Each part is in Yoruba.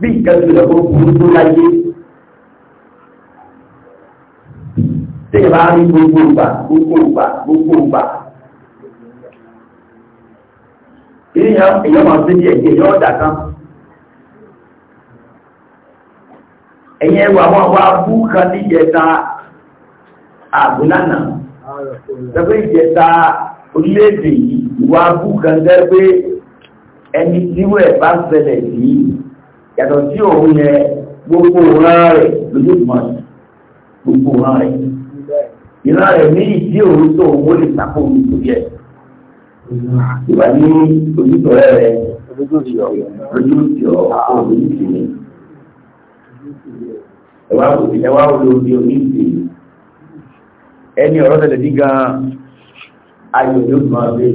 bí nǹkan tó lọ́kọ́ burú tó láyé tí ìbá rí gbogbo ìgbà gbogbo ìgbà gbogbo ìgbà èèyàn máa ṣe ní ẹ̀jẹ̀ yọ́ ọ̀dà kan ẹ̀yìn ẹwà wọn wá bú kan ní ìjẹta àbúlánà tẹ́gbẹ́ ìjẹta orílẹ̀-èdè yìí wá bú kan tẹ́gbẹ́ ẹni tí wọ́n ẹ̀ bá ṣẹlẹ̀ yìí yàtọ̀ sí òun yẹ gbogbo òun rẹ̀ lójúmọ́ gbogbo òun rẹ̀ ìran rẹ̀ ní ìdí òun tó òun ó lè sàkó omi tó yẹ ìgbà ní ojútọ̀ rẹ̀ rẹ̀ ẹni ọ̀rọ̀ tẹ̀lẹ̀ bí gan ayò lójúmọ́ abẹ́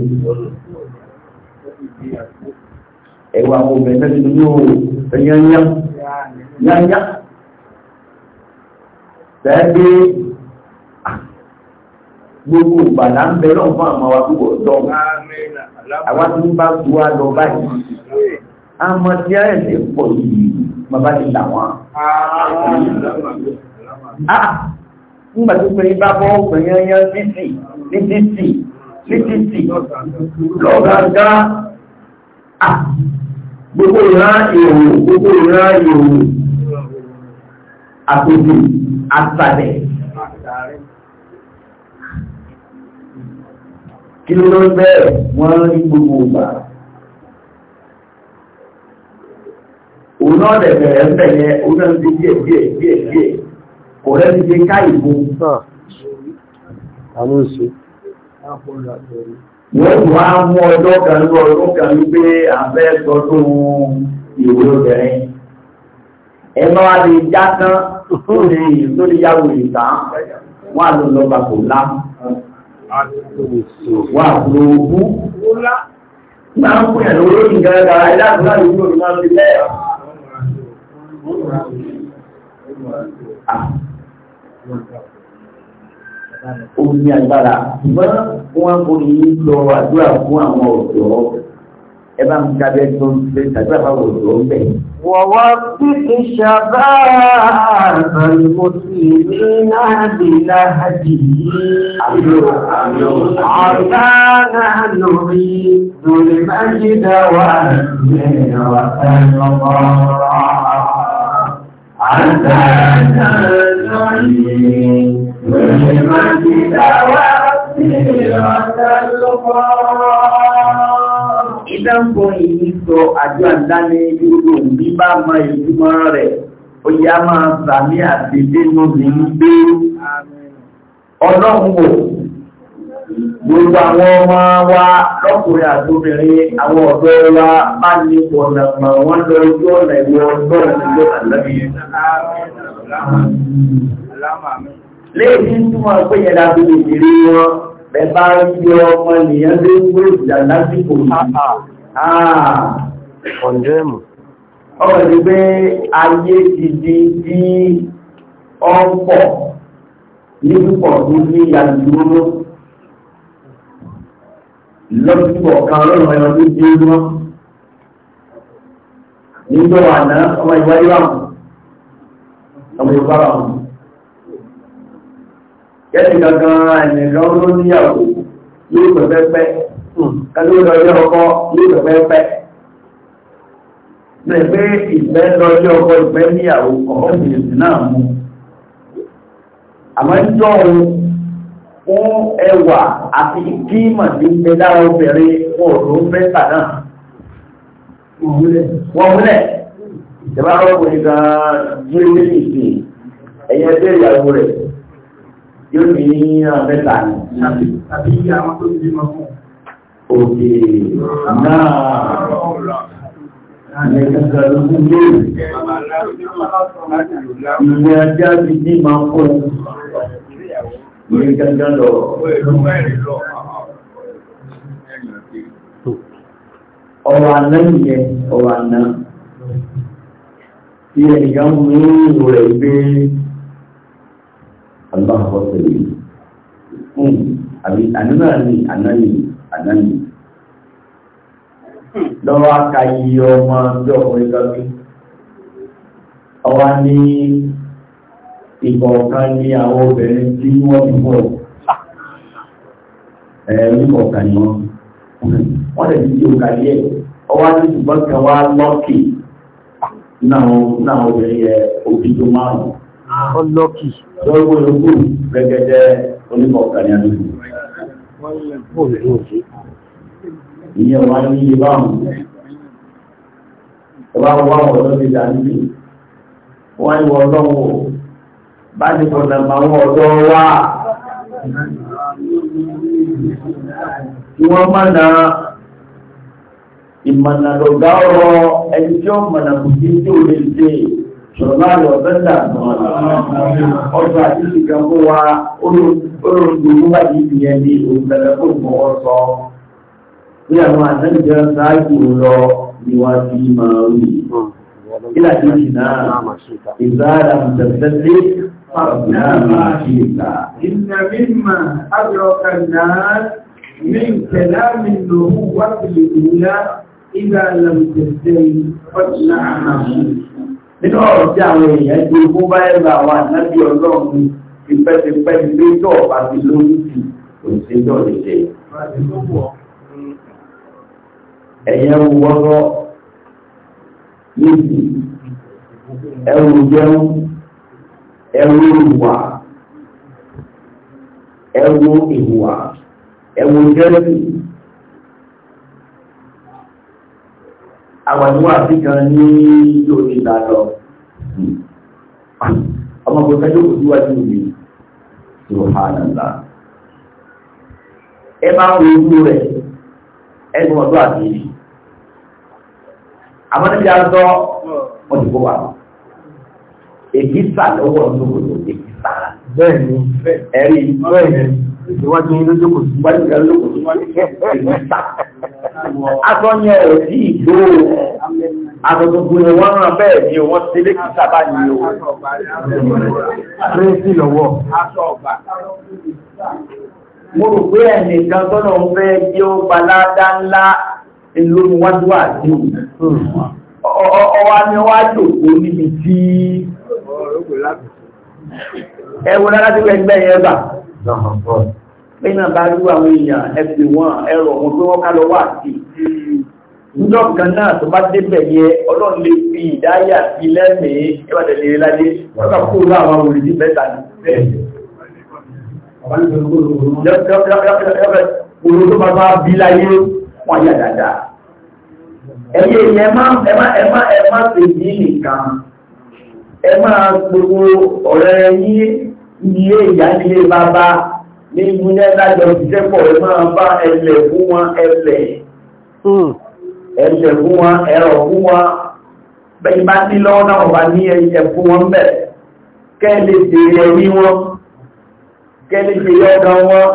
ẹ̀wà ọmọ ẹ̀fẹ́ ti ní òun ẹ̀yányá yányá tẹ́ẹ̀dé ah, gbogbo ìgbàlá ń bẹ lọ́wọ́ fún àwọn àwọn àkókò lọ àwọn tí ń bá tu wá lọ báyìí àmọ́ tí a ẹ̀sẹ̀ pọ̀ yìí bàbá ti là wọ́n. Ah, nígbà tó pé bá bọ́ ọ̀pẹ̀ títì títì títì lọ́gàgá ah, gbogbo ìran èrò gbogbo ìran èrò àtòjì àtàlẹ̀ kí ló ló ń bẹ́ẹ̀ wọ́n rí gbogbo ìgbà òun náà lè bẹ̀rẹ̀ ń bẹ̀rẹ̀ òun náà ń díẹ̀ díẹ̀ díẹ̀ díẹ̀ kò rẹ́ ti ṣe ká ìbò. àwọn òṣèlú wọ́n tún wá mú ọjọ́ kan ní ọdún kan wípé àfẹ́ sọdún ìwé obìnrin ẹ bá wá lè já tán tó lè tó lè yàwó ìta wọ́n á lọ lọ bá kò lá wọ́n á lọ ogún máa ń pè ẹ̀rọ olóyìn nǹkan dára láti wúlò ní máa ń fi lẹ́yà ó ní agbára ṣùgbọ́n wọ́n kò ní lọ àdúrà fún àwọn ọ̀dọ́ ẹ bá ń kábẹ́ tó ń ṣe àdúrà fáwọn ọ̀dọ́ ń bẹ̀. wọ̀wọ́ bí kì í ṣàbá àbẹ̀wò sí ní náàbì láhàjì yìí. ọ̀gá náà lórí lórí májídá wà lẹ́yìn ọ̀sẹ̀ lọ́wọ́. àgbà náà lórí. ونعم Ìdáǹkọ́ yìí sọ àjọ àdáni irú òbí bá mọ ìtumọ̀ rẹ̀, ó yá máa sàmí àti dénú ní ń gbé ọlọ́pùpù. Gbogbo àwọn ọmọ wa lọ́kùnrin àtòbìnrin àwọn ọ̀dọ́ wa bá ní ọ̀nà mọ̀ wọ́n lọ ojú ọ̀nà ìwọ̀n lọ́rùn lọ́rùn lọ́rùn léyìn túmọ̀ pé yẹn dábí ìdílé wọn bẹ bá ń yọ ọmọ nìyẹn tó ń gbé ìjà lásìkò yìí. Ah. Ah. ọ̀rọ̀ ni pé ayé ti di bí ọ̀pọ̀ ní púpọ̀ tó ní ìyàdúró lọ́sibọ̀ kan lọ́nà ẹ̀rọ tó dé wọn nígbà wà náà ọmọ ìwáyé wà mú ọmọ ìwáyé wà mú. Kẹ́sì gangan ẹ̀nìyàn ló níyàwó yóò pẹ̀pẹ́pẹ́, kẹ́lú lọ́jọ́ ọkọ yóò pẹ̀pẹ́pẹ́. Bẹ́ẹ̀ pé ìfẹ́ lọ́jọ́ ọkọ ìfẹ́ níyàwó ọ̀họ́bìnrin náà mú. Àmọ́ jọ ohun fún ẹwà àti kíìmọ̀ tí ń bẹ lára obìnrin wọn ò ló ń fẹ́ tà náà. Wọ́n múlẹ̀ ìjọba ọkùnrin gan-an jí ẹgbẹ́ ìsìn ẹ̀yẹ ẹgbẹ́ ìyàwó rẹ̀ yóò ní àbẹ́ta ní àbí àwọn tó ti mọ́ fún òkè náà ní ẹgbẹ́ lókún lóòrè ìwé ajá ti ní ma fún ní gẹ́gẹ́ lọ ọ̀rọ̀ àná ìyẹn ọ̀rọ̀ àná tí ẹnìyàn mú rẹ̀ gbé aláwọ̀ tẹ̀lé fún hmm. àbí ànánà ni ànánì ànánì hmm. lọ́wọ́ aka iye ọmọ ọjọ́ ọkùnrin lọ́bí ọwá ní ìkọ̀ọ̀kan ní àwọn obìnrin tí wọ́n ti pọ̀ ẹ̀ẹ́rù kọ̀ọ̀kan ni wọ́n wọ́n lè fi yóò kàlí ẹ̀ ọwá ní ṣùgbọ́n kan wá lọ́kì náà obìnrin ẹ̀ òbí tó márùn-ún ah. lọ́kì wọ́n wọ́n ló kú rẹ́gẹ́dẹ́ oníkọ̀ọ̀kan ní àdúgbò. ìyẹn wà ní ilé báwọn ọba wọn wọn ọ̀dọ́ ti dà níbi wọ́n ń wọ ọlọ́wọ́ bá ti kọ̀ nàmbà wọn ọ̀dọ́ wà kí wọ́n na ìmọ̀nà ọ̀rọ̀ ẹni tí ó mọ̀nà kò sí tí ò lè ṣe Ṣọ̀lá ìwọ̀bẹ́lá ọjọ́ àti ìgbàgbó wa olóògbé wúwà yìí yẹn ní òǹtẹ̀lẹ̀ fún ìmọ̀wọ́ sọ. Ní àwọn àtẹ́jọ́ sáájú lọ ni wá sí máa rí. Kílà tí ó sì náà, ìzára mùtẹ̀lẹ́lẹ́ fàbíà máa ṣe ìta. Ìnà mímọ̀ àjọkà náà ní ìtẹ̀lá mi lòun wá sí ìlú ìlà ìlà lọ́mùtẹ̀lẹ́ fọ́tìlá àmàmù. nínú ọ̀rọ̀ tí àwọn èèyàn ti fún báyẹ̀ bá àwọn ànábì ọlọ́run ti pẹ́tipẹ́ ilé tó ọ̀pá ti lórí sí òṣèjọ́ lè ṣe. ẹ̀yẹ wọ́rọ́ níbi ẹrù jẹun ẹrù ìwà ẹrù ìwà ẹrù jẹ́rìí àwàníwà sí kan ní lórí ìbàdàn ọmọ kò sẹ́jọ́ kò síwájú mi ṣùhánàlá ẹ bá wo ojú rẹ̀ ẹgbẹ́ ọdún àti ìrì àwọn níbi àtọ́ ti kó wà èkìtà lọ́wọ́ ọdún òdò èkìtà bẹ́ẹ̀ ni ẹ̀rí bẹ́ẹ̀ ni ìwájú yín lójú kò sí wájú yín lójú kò sí wájú aṣọ yẹn ò sí ìgbó aṣọ tuntun ni wọ́n rán bẹ́ẹ̀ ni wọ́n ti lé kìí sábà ní o rẹ́sì lọ́wọ́ mo rò pé ẹnìkan tọ́nà ń fẹ́ jẹ́ ó balada ńlá ìlú wájú àti ọwá ni wá jòkó níbi tí ẹwọ́n lára ti gbẹ̀gbẹ̀ yẹn bà pé náà bá rú àwọn èèyàn ẹ̀sìn wọn ẹ̀rọ wọn pé wọ́n ká lọ wà sí níjọ́ kan náà tó bá débẹ̀ yẹ ọlọ́run lè fi ìdáyà sí lẹ́mìí ìbàdàn lè e láyé wọ́n kà kó lọ àwọn òrìṣì mẹ́ta ní. Òrò tó máa máa bí láyé wọ́n yà dáadáa. Ẹyẹ ìyẹn ẹ máa ẹ máa ẹ máa ṣe yìí nìkan. Ẹ máa gbogbo ọ̀rẹ́ yín ní ilé ìyá ní ilé bàbá ní ìmúlẹ̀ lájọ òṣìṣẹ́ pọ̀ ẹ máa bá ẹlẹ̀ fún wọn ẹlẹ̀ hmm. ẹlẹ̀ fún wọn ẹ̀rọ fún wọn bẹ́ẹ̀ bá ní lọ́wọ́ náà wà ní ẹ̀yẹ fún wọn bẹ̀ kẹ́lẹ̀ tèrè ẹ̀rí wọn kẹ́lẹ̀ tèrè ọ̀dọ̀ wọn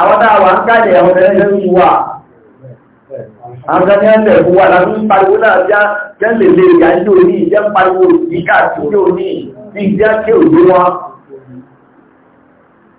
àwọn náà wà ń kàlẹ̀ àwọn ẹ̀rẹ́ ń wà àwọn kan ní ẹ̀lẹ̀ fún wa láti ń pariwo náà já kẹ́lẹ̀ lè yá ní òní ìjẹ́ pariwo ìkà sí òní ìjẹ́ kí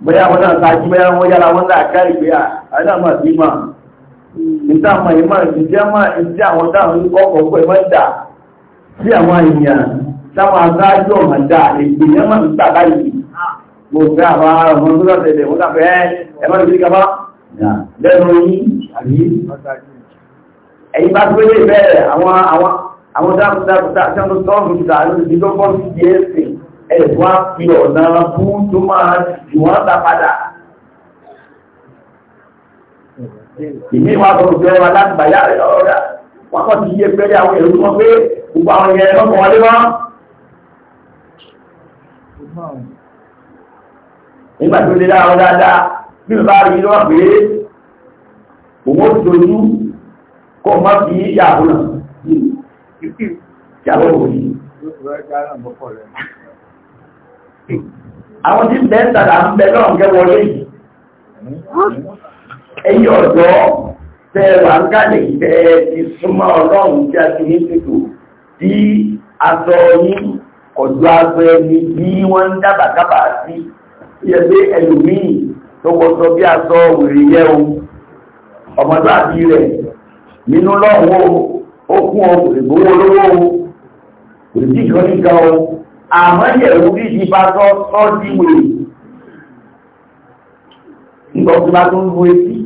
bóyá wọn náà sáájú bóyá wọn yára wọn náà kárí pé ah, àádọ́mà sí mà níta mà ìmọ̀ ìjẹ́ mà ìjẹ́ àwọn táwọn ọkọ̀ pẹ̀ mọ́ dà sí àwọn ènìyàn táwọn aṣáájú ọ̀nà dà ègbèyàn mà ń tà báyìí mo fẹ́ àwọn ọmọ tó lọ́tẹ̀lẹ̀ wọ́n tàbí ẹmọ́ ìgbìkà bá lẹ́nu yìí àbí ẹ̀yìn bá gbélé bẹ́ẹ̀ àwọn dákútà tó tàbí tó tọ́ọ̀rù ìgbà lórí ẹ̀wọ́ fi ọ̀nà bú tó máa jù wọ́n ta padà. Ìmí wa sọ òjò ẹwà láti bàyá rẹ̀ ọ̀rọ̀ wọn kọ́ ti yé pẹ́lẹ́ àwọn èrò wọn pé gbogbo àwọn ìyẹn lọ́mọ wọlé wọn. Nígbà tó lé dáa dáadáa bí mo bá rí i lọ́wọ́ pé òun ó dojú kó má fi yàgò náà. Yàgò òun yìí àwọn tí bẹ́ẹ̀ tàdà ń bẹ náà jẹ́ wọlé yìí ẹ̀yí ọ̀dọ́ tẹ́ wà ń kálẹ̀ ìfẹ́ ti súnmọ́ ọlọ́run tí a ti ní tètò tí aṣọ yín ọ̀dọ́ aṣọ ẹni bí wọ́n ń dábàkábà sí yẹ pé ẹlòmíì tó wọ́sọ bí aṣọ òwèrè yẹ o ọmọdé àti rẹ̀ nínú lọ́wọ́ ó kún òwèrè àmọ́jẹ̀rú bí i bá tọ́ tọ́ sí wèrè nígbà tí bá tó ń bú etí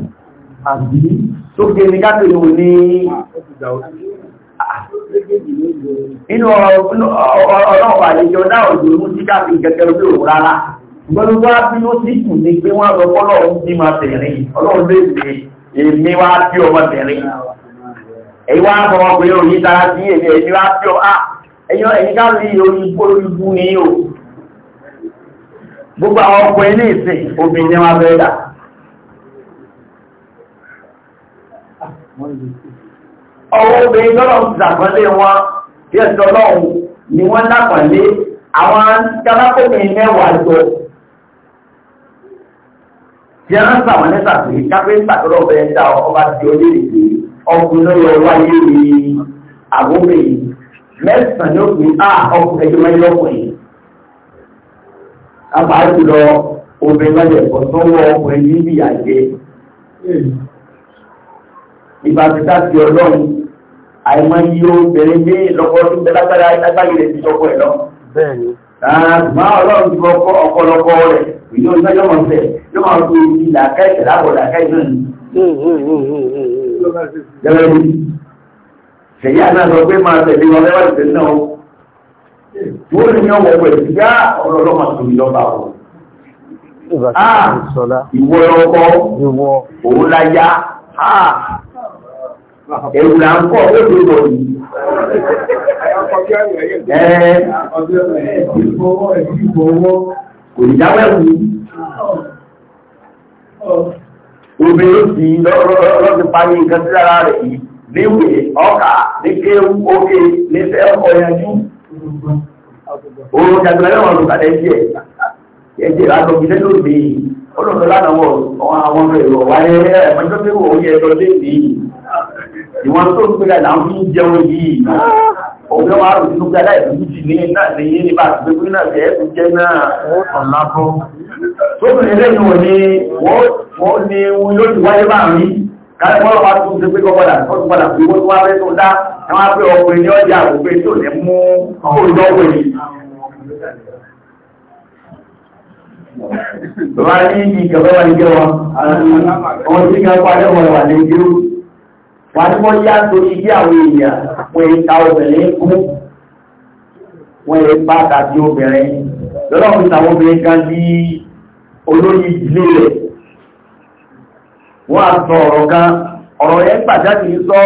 àbí tó gé ní kápẹ̀lú ní inú ọlọ́pàá àlejò náà òjò mú sí káàkiri kẹkẹrẹ bí òun rárá gbọ́lúgbọ́ bí ó sì kù ní pé wọ́n lọ fọ́lọ́run bí ma tẹ̀rí ọlọ́run lè lè èmi wá bí ọmọ tẹ̀rí èyí wá ẹ̀yìn ẹ̀yìn ká rí olùbú ní o gbogbo àwọn ọkùnrin ní ìsìn obìnrin wọn fẹ́ dà ọwọ́ obìnrin lọ́rọ̀ ń zàkọ́lé wọn bí ẹ̀sọ́ lọ́hùn ni wọ́n lápàlé àwọn kálákòmìnrin mẹ́wàá jọ tí a ń sàwọn ní sàtì kápẹ́ńtà tó lọ́bẹ̀ẹ́ dá ọba tí ó lè dé ọkùnrin lọ́yọ̀ wáyé ní àgbóbìnrin mẹ́sàn ah, yóò fi á ọkùnrin ẹgbẹ́ mẹ́rin ọkùnrin apàá jùlọ obìnrin lọ́dẹ̀ ẹ̀kọ́ sọ́wọ́ ọkùnrin níbi àjẹ́ ìbáfíta ti ọlọ́run àìmọ́ iye obìnrin ní lọ́kọ́dún lágbára lágbáyé rẹ̀ ti sọ́kọ́ ẹ̀ lọ. bẹ́ẹ̀ni. àmọ́ ah, ọlọ́run ti fọ́kọ́ ọ̀pọ̀lọpọ̀ rẹ̀ ìlú ọjọ́ yọmọ fẹ́ yọmọ fi ìlà kẹ́sẹ̀ lábọ̀ làkẹ́ ìlú tẹ̀yí àdáàdọ̀ pé máa tẹ̀lé wọn lẹ́wà ìpè náà ó ní ní ọwọ́ ẹ̀wẹ̀ ìyá ọlọ́lọ́mà tó ìjọba ọ̀ ìwọ ọkọ̀ òun láyá ah, ẹ̀rù là ń pọ̀ lórí ìwọ̀ yìí kò ní dáwọ́ ẹ̀wù obìnrin sì lọ́ti parí nǹkan sí lára rẹ̀ yìí níwè ọkà ní kéwú ókè ní fẹ́ ọkọ̀ yanjú oòrùn jàgbẹ́ lẹ́wọ̀n olùkàdé jẹ́ ẹjẹ́ àtọ̀kìlẹ́ ló dé olóòrùn lánàwọ̀ àwọn ọmọ èrò wáyé ẹ̀mọ́jọ́ pé wọ́n yẹ ẹjọ́ lé ní ìwọ̀n tó ń pè là jì ní náà ní yé nípa àti pé náà fẹ́ ẹ̀kú jẹ́ náà ọ̀tàn lábọ́ tó bìnrin lẹ́nu ò ní wọ́n ní wọn yóò ti wáyé báyìí kájúmọ́lọ́ máa tún ṣe pé kọ́kọ́dà ọdún padà fi owó tó wá fẹ́ tó dá ẹwọ́n á pé ọkùnrin ní ọjà òpé tí ò ní mú òjọ́wé bàbá ní ìjọba wà ní jẹ́ wọn ọmọ tí kí wọ́n pàdé wọn wà ní ìdúró wà ní wọ́n yá tó ibi àwọn èèyàn wọ́n yẹ ta obìnrin kú wọ́n yẹ bá tàbí obìnrin lọ́dọ̀ tàwọn obìnrin kan bí olóyè ìdílé rẹ̀ wọ́n á sọ ọ̀rọ̀ kan ọ̀rọ̀ yẹn gbàjáde ń sọ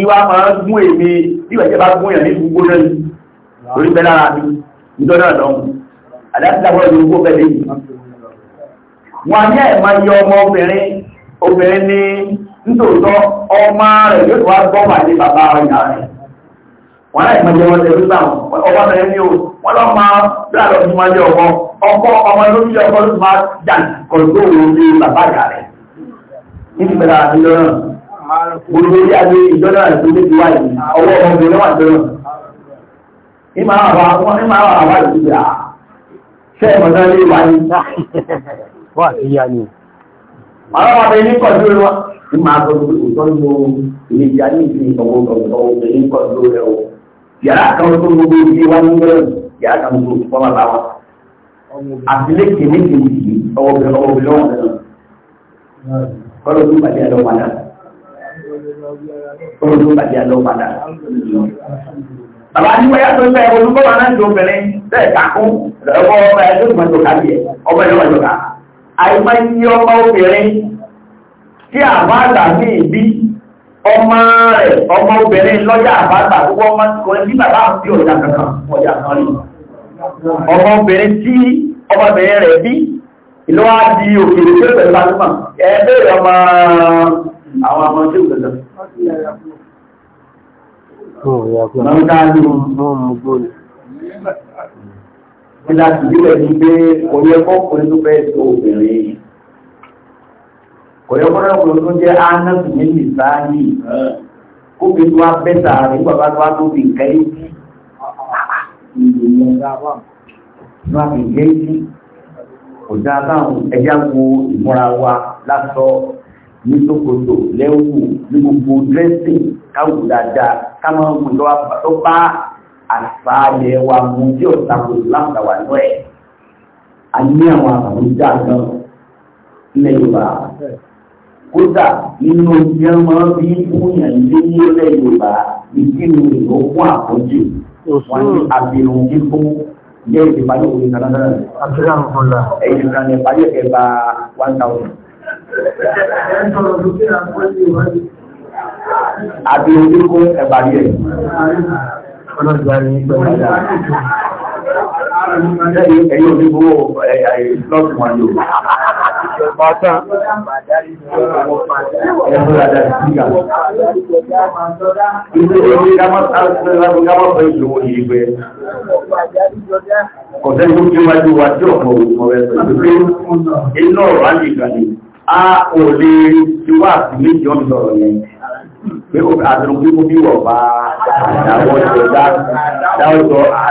ìwà máa ń gún èmi bí ìwẹ̀jẹ̀ bá gún èèyàn ní gbogbo náà ni orí bẹ́ẹ̀ lára mi nítorí náà lọ́hùn àdáṣíṣà fọ́lọ́ ní gbogbo bẹ́ẹ̀ lẹ́yìn. wọ́n á ní ẹ̀ máa yọ ọmọ obìnrin obìnrin ní nítòótọ́ ọmọ rẹ̀ yóò tó wá gbọ́ pàdé bàbá wọ́n láì máa jẹ́ rẹ̀ o wọ́n lọ́ máa nígbàdà àti lọ́rọ̀ gbogbo orí adé ìjọba àti méjì wáyé ọwọ́ ọmọbìnrin wà lọ́rọ̀ ìmọ̀ àwọn àwọn ìmọ̀ àwọn àwọn ìdíje à ṣe é mọ̀tán lé wáyé. wọ́n àti yá ni. àwọn ọmọdé ní kọjú wa ìmọ̀ àtọ́jú ìtọ́jú ìlejì ayé ìfì ìtọ́wọ́ ọ̀gbọ̀n obìnrin kọjú rẹ̀ o yàrá kan tó gbogbo ìdíje wá ní gbẹ̀rẹ̀ yàrá kan tó fọ́nmọ́ kọ́lọ̀ tó bàjẹ́ lọ padà kọ́lọ̀ tó bàjẹ́ lọ padà bàbá ní wọ́n yàtọ̀ ìgbà ẹ̀wọ̀n tó wà náà tó bẹ̀rẹ̀ bẹ́ẹ̀ kàkún ọwọ́ ọmọ ẹ̀ tó mọ̀ tó ká bí ẹ̀ ọmọ ẹ̀ lọ́wọ́ ìjọba àìmọ́ iye ọmọ obìnrin tí àbá àtàmì ìbí ọmọ rẹ̀ ọmọ obìnrin lọ́jà àbá àtàkùkọ ọmọ tí bàbá àti ọjà kankan ọjà kan rí ọmọ obìnrin tí ọmọbìnrin rẹ̀ bí ìlú wá di òkèrè tí ó pẹ̀lú àtúmọ̀ ẹgbẹ́ ọmọ àwọn ọmọ tí ó pẹ̀lú Ìlàtí ìbílẹ̀ ní pé kò yẹ kọ́kùnrin tó fẹ́ tó obìnrin. Kò yẹ kọ́kùnrin tó jẹ́ ánàtù ní nìsáàlì. Kó bí tó wá bẹ́ta rẹ̀ kò dáa báwọn ẹja wo ìmúra wa lásọ ní ṣòkòtò lẹ́wù ní gbogbo dírẹ́sìn káwù dáadáa káwọn ọmọ ìjọba tó bá àṣà yẹ wa mú bí ọ̀sà kò láǹkà wà lọ́ ẹ̀. a ní àwọn àbàmì dáa ilẹ̀ Yorùbá kódà nínú ìjẹ́ máa bí fúnyàn lé ní ilẹ̀ Yorùbá ìdí ni ìlú fún àpọ́jù wọn ní abirùn kíkún yóò ti parí òwe kan náà. Àbúrò àwọn kan là. Ẹyin kan ní parí ẹ̀kẹ́ bá one thousand. Àbí ojú kó ẹ̀bà rí ẹ̀. Ọlọ́dún àrí ìgbà ìgbà. Ẹyin ojú kó lọ́sùn wọn yóò. Bàtán. Ilé ìwé gámọ́ fẹ́ ìṣòwò yìí pé ọ̀sẹ́ tó kí wájú wa tí ọ̀pọ̀ ọ̀rẹ́ pẹ̀lú pé iná ọ̀rọ̀ àti ìgbàlè a ò lè ti wá àti méjì ọ̀n sọ̀rọ̀ yẹn pé àtàrùn pé kó bí wọ̀ bá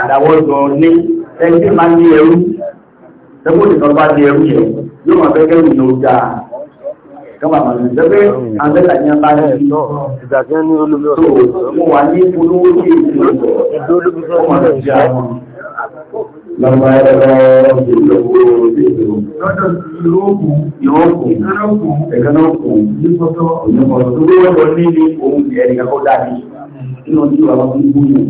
àdáwọ́jọ ní ẹgbẹ́ máa ní ẹrú ẹgbẹ́ òṣèkọ́ bá ní ẹrú yẹn yóò máa fẹ́ kẹ́rù ní ọjà kọ́mà máa lè jẹ́ pé àbẹ́là ní abá ní ìdàgẹ́ ní olómi ọ̀sán mo wà ní polówó sí ìlú olómi ọ̀sán Lọ́pàá ẹ̀rọ ìlòkó ìlòkó. Lọ́dọ̀ sí ìrókù, ìrókù, ìrókù, ẹ̀gánókù, nípọ́tọ́, ìyẹ́pọ̀tọ́ tó gbé wọ́n lọ nílé ohun ẹ̀rìnkà kó dàbí. Inú ọdún ìwà wọn fún gbúgbù.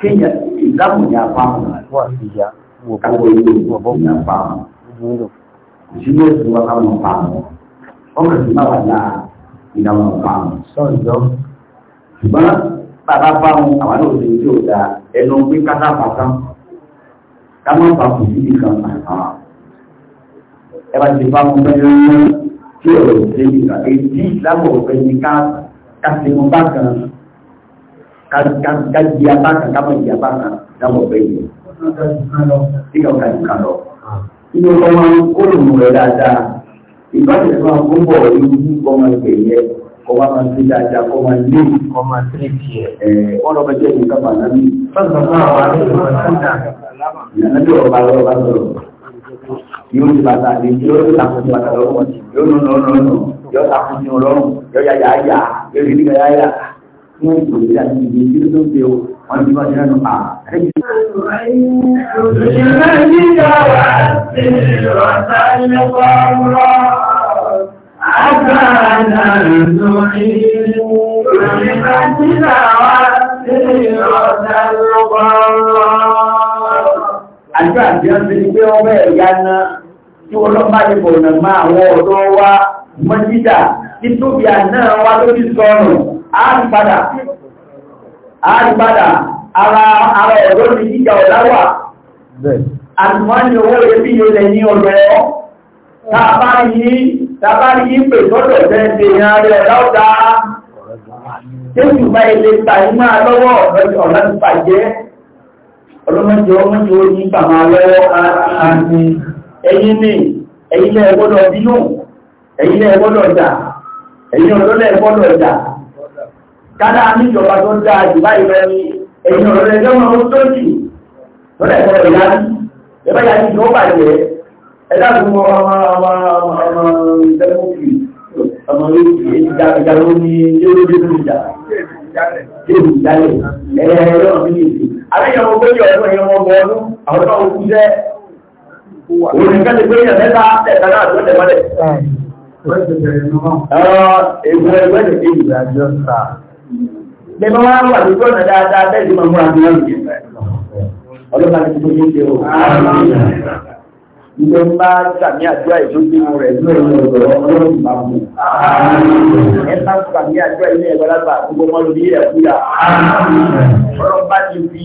Kéèyàn ìdáàbò ní apá wọn. Wọ́n àti ìyá, wọ́n bọ́ ìṣúná ètò wa káwọn pa mọ́ ọmọ ìṣúná máa wà láà ìdáwọ̀ pa mọ́ sọ́ọ̀dọ́ ṣùgbọ́n bàbá bá wọn àwọn náà ṣe tí ò da ẹnu pé kátà pàtàn ká má bà kù sí nìkan pàtàn ẹ bá ti bá wọn bẹ́ẹ̀ lọ́wọ́ tí ọ̀rọ̀ ṣe nìkan èdè ìlànà ọ̀fẹ́ ni ká ká ṣe wọn bá kan ká di abá kan ká má di abá kan láwọn ọ̀fẹ́ yìí. Tí inú ọmọ kóòlù rẹ̀ dáadáa ìbáṣẹ̀ máa kó bọ̀ ìlú ọmọ ìgbẹ̀yẹ ọmọ máa ń fi dáadáa kọ́ máa lé ọmọ tírìtì ẹ̀ wọ́n lọ́mọ jẹ́ ní kápá náà ní. sọ́dọ̀ náà wà ní ìlú ọ̀sán ìyànà bí ọba lọ́wọ́ bá sọ̀rọ̀ yóò ti bàtà ní yóò ti làkùn ti bàtà lọ́wọ́ yóò nù nù nù nù yóò làkùn ti ọlọ́run yóò yáyà yá yóò rí nígbà yáyà fún ìgbòho wọ́n ti bọ́jú lẹ́nu pa. Àjọ àti ọdún ní pé ọmọ ẹ̀yà náà tí wọ́n lọ bá ìbò nà máa wọ́n ọ̀dọ́ wá mọ́ jídà nítorí àná wá lórí sọ́rùn, a ń padà àgbàdà ara ara ẹ̀rọ ní jíjà ọ̀dáwà àtìmọ́ni owó ebí ilẹ̀ ní ọ̀rẹ́ ọ́ tàbárí yí pè tọ́jọ̀ tẹ́ẹ̀tẹ̀ ìran rẹ̀ ọ̀dáwọ́dá tẹ́sùmá ilé tàí máa lọ́wọ́ ọ̀rẹ́ ti bàjẹ́ ọlọ́mọdé ọmọdé ó ní bàmà lọ́wọ́ àti ẹ̀yin ní ẹ̀yin lẹ́ẹ̀gbọ́dọ̀ bínú ẹ̀yin lẹ́ẹ̀gbọ́dọ̀ jà ẹ̀yin ọ̀dọ́lẹ́ẹ̀gbọ́dọ̀ jà kádà níjọba tó ń dáa jù báyìí lọ ní ẹ̀yìn ọ̀rọ̀ ẹgbẹ́ wọn ó tó jù lọ́dẹ̀ ẹ̀kọ́ ìyá ní ẹgbẹ́ ìyá ní ìjọba jẹ́ ẹ̀dá tó mọ ọmọ ọmọ ọmọ ọmọ ìtẹ́lẹ́mọ̀kì ọmọ ìjà ló ní lórí ìjà kéèkì ìjálẹ̀ ẹ̀ẹ́rọ mi ní ìsìn àríyànwó pé yọ ọdún ẹ̀yọ ọmọ ọdún àwọn ọmọ òkú jẹ́ òun nìkan ti pé yàn mẹ́ta ẹ̀ka náà tó tẹ̀mọ́lẹ̀ ẹ̀rọ ẹgbẹ́ ẹgbẹ́ ìgbàjọ́ sáà lẹ́mọ́ wá wà lójú ọ̀nà dáadáa bẹ́ẹ̀ sí máa múra bí wọ́n lè ọlọ́pàá ti tó ṣe o. Ìjọ ń bá sàmì àdúrà ìlójú rẹ̀ ní ọ̀rọ̀ ọ̀rọ̀ ọlọ́run bá mú. Ẹ bá sàmì àdúrà ilé ẹ̀gbẹ́ lágbà gbogbo ọmọ lórí ẹ̀kúyà. Ọlọ́run bá ti ọ̀rọ̀.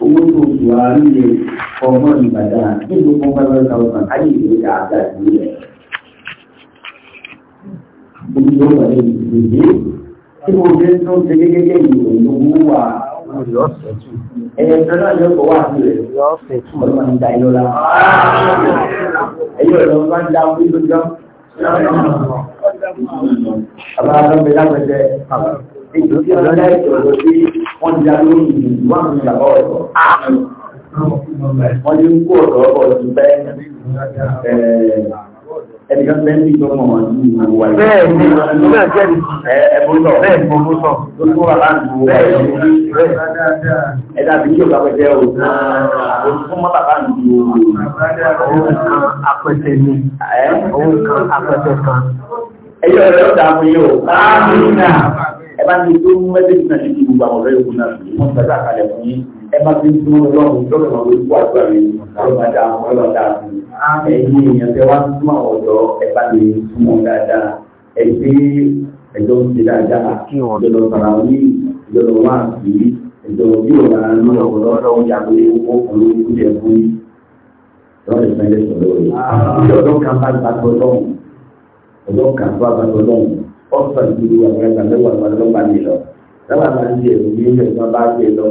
owó tó tù á nílé ọmọ ìbàdàn nílùú fún five hundred thousand ìwé dáadáa ìwé rẹ̀. Gbogbo ọ̀rọ̀ rẹ̀ ìdíje tí mo gbé tó ṣe gẹ́gẹ́ bí ìròyìn owó wà. Ẹ̀yẹ̀fẹ́ náà yóò kọ́ wá sí rẹ̀. Ọ̀rọ̀ máa ń da iná la. Ẹ̀yẹ̀ ọ̀rọ̀ máa ń da orí lójọ́. Àbá lọ́gbẹ̀ẹ́ lápẹ̀tẹ̀ nítorí ọ̀dọ́ ìṣòro tí wọ́n já lórí ìlú wà ní ìyàwó ẹ̀kọ́. Wọ́n ní kó ọ̀dọ́ ọ̀pọ̀ ti bẹ́ ẹnìkan bẹ́ẹ̀ ní ìjọmọ̀ wọn ní ìlú wa. Bẹ́ẹ̀ ni ìlú ẹ̀jẹ̀ ni ẹ̀bùsọ̀ bẹ́ẹ̀ ni ọmọbùsọ̀ tó tó wà láti wo ẹ̀jẹ̀ ni ẹ̀dá bí kí ọ̀gá pẹ̀jẹ́ ẹ bá ní tó mẹ́tẹ́ẹ̀tì náà ní gbogbo àwọn ọ̀rẹ́ ìwọ̀n náà wọ́n tẹ̀lé àkàlẹ̀ fún yín ẹ bá fi ń tún ọlọ́run lọ́rọ̀ náà lórí wà gbà mí ọlọ́dà ọlọ́dà ẹ̀yin èèyàn tẹ wá ń tún àwọn ọ̀dọ́ ẹ bá lè tún wọn dáadáa ẹ gbé ẹjọ́ ń ṣe dáadáa ìjọba sara wí ìjọba wà sí ìjọba bí ọ̀dọ́ ah. kan bá gbàgbọ́ lọ́hùn ọ̀sán ìdúró àwọn ẹ̀ka mẹ́wàá máa lọ́ bá mi lọ sábà máa ń jẹ ẹ̀rù ní ilẹ̀ tí wọ́n bá jẹ lọ.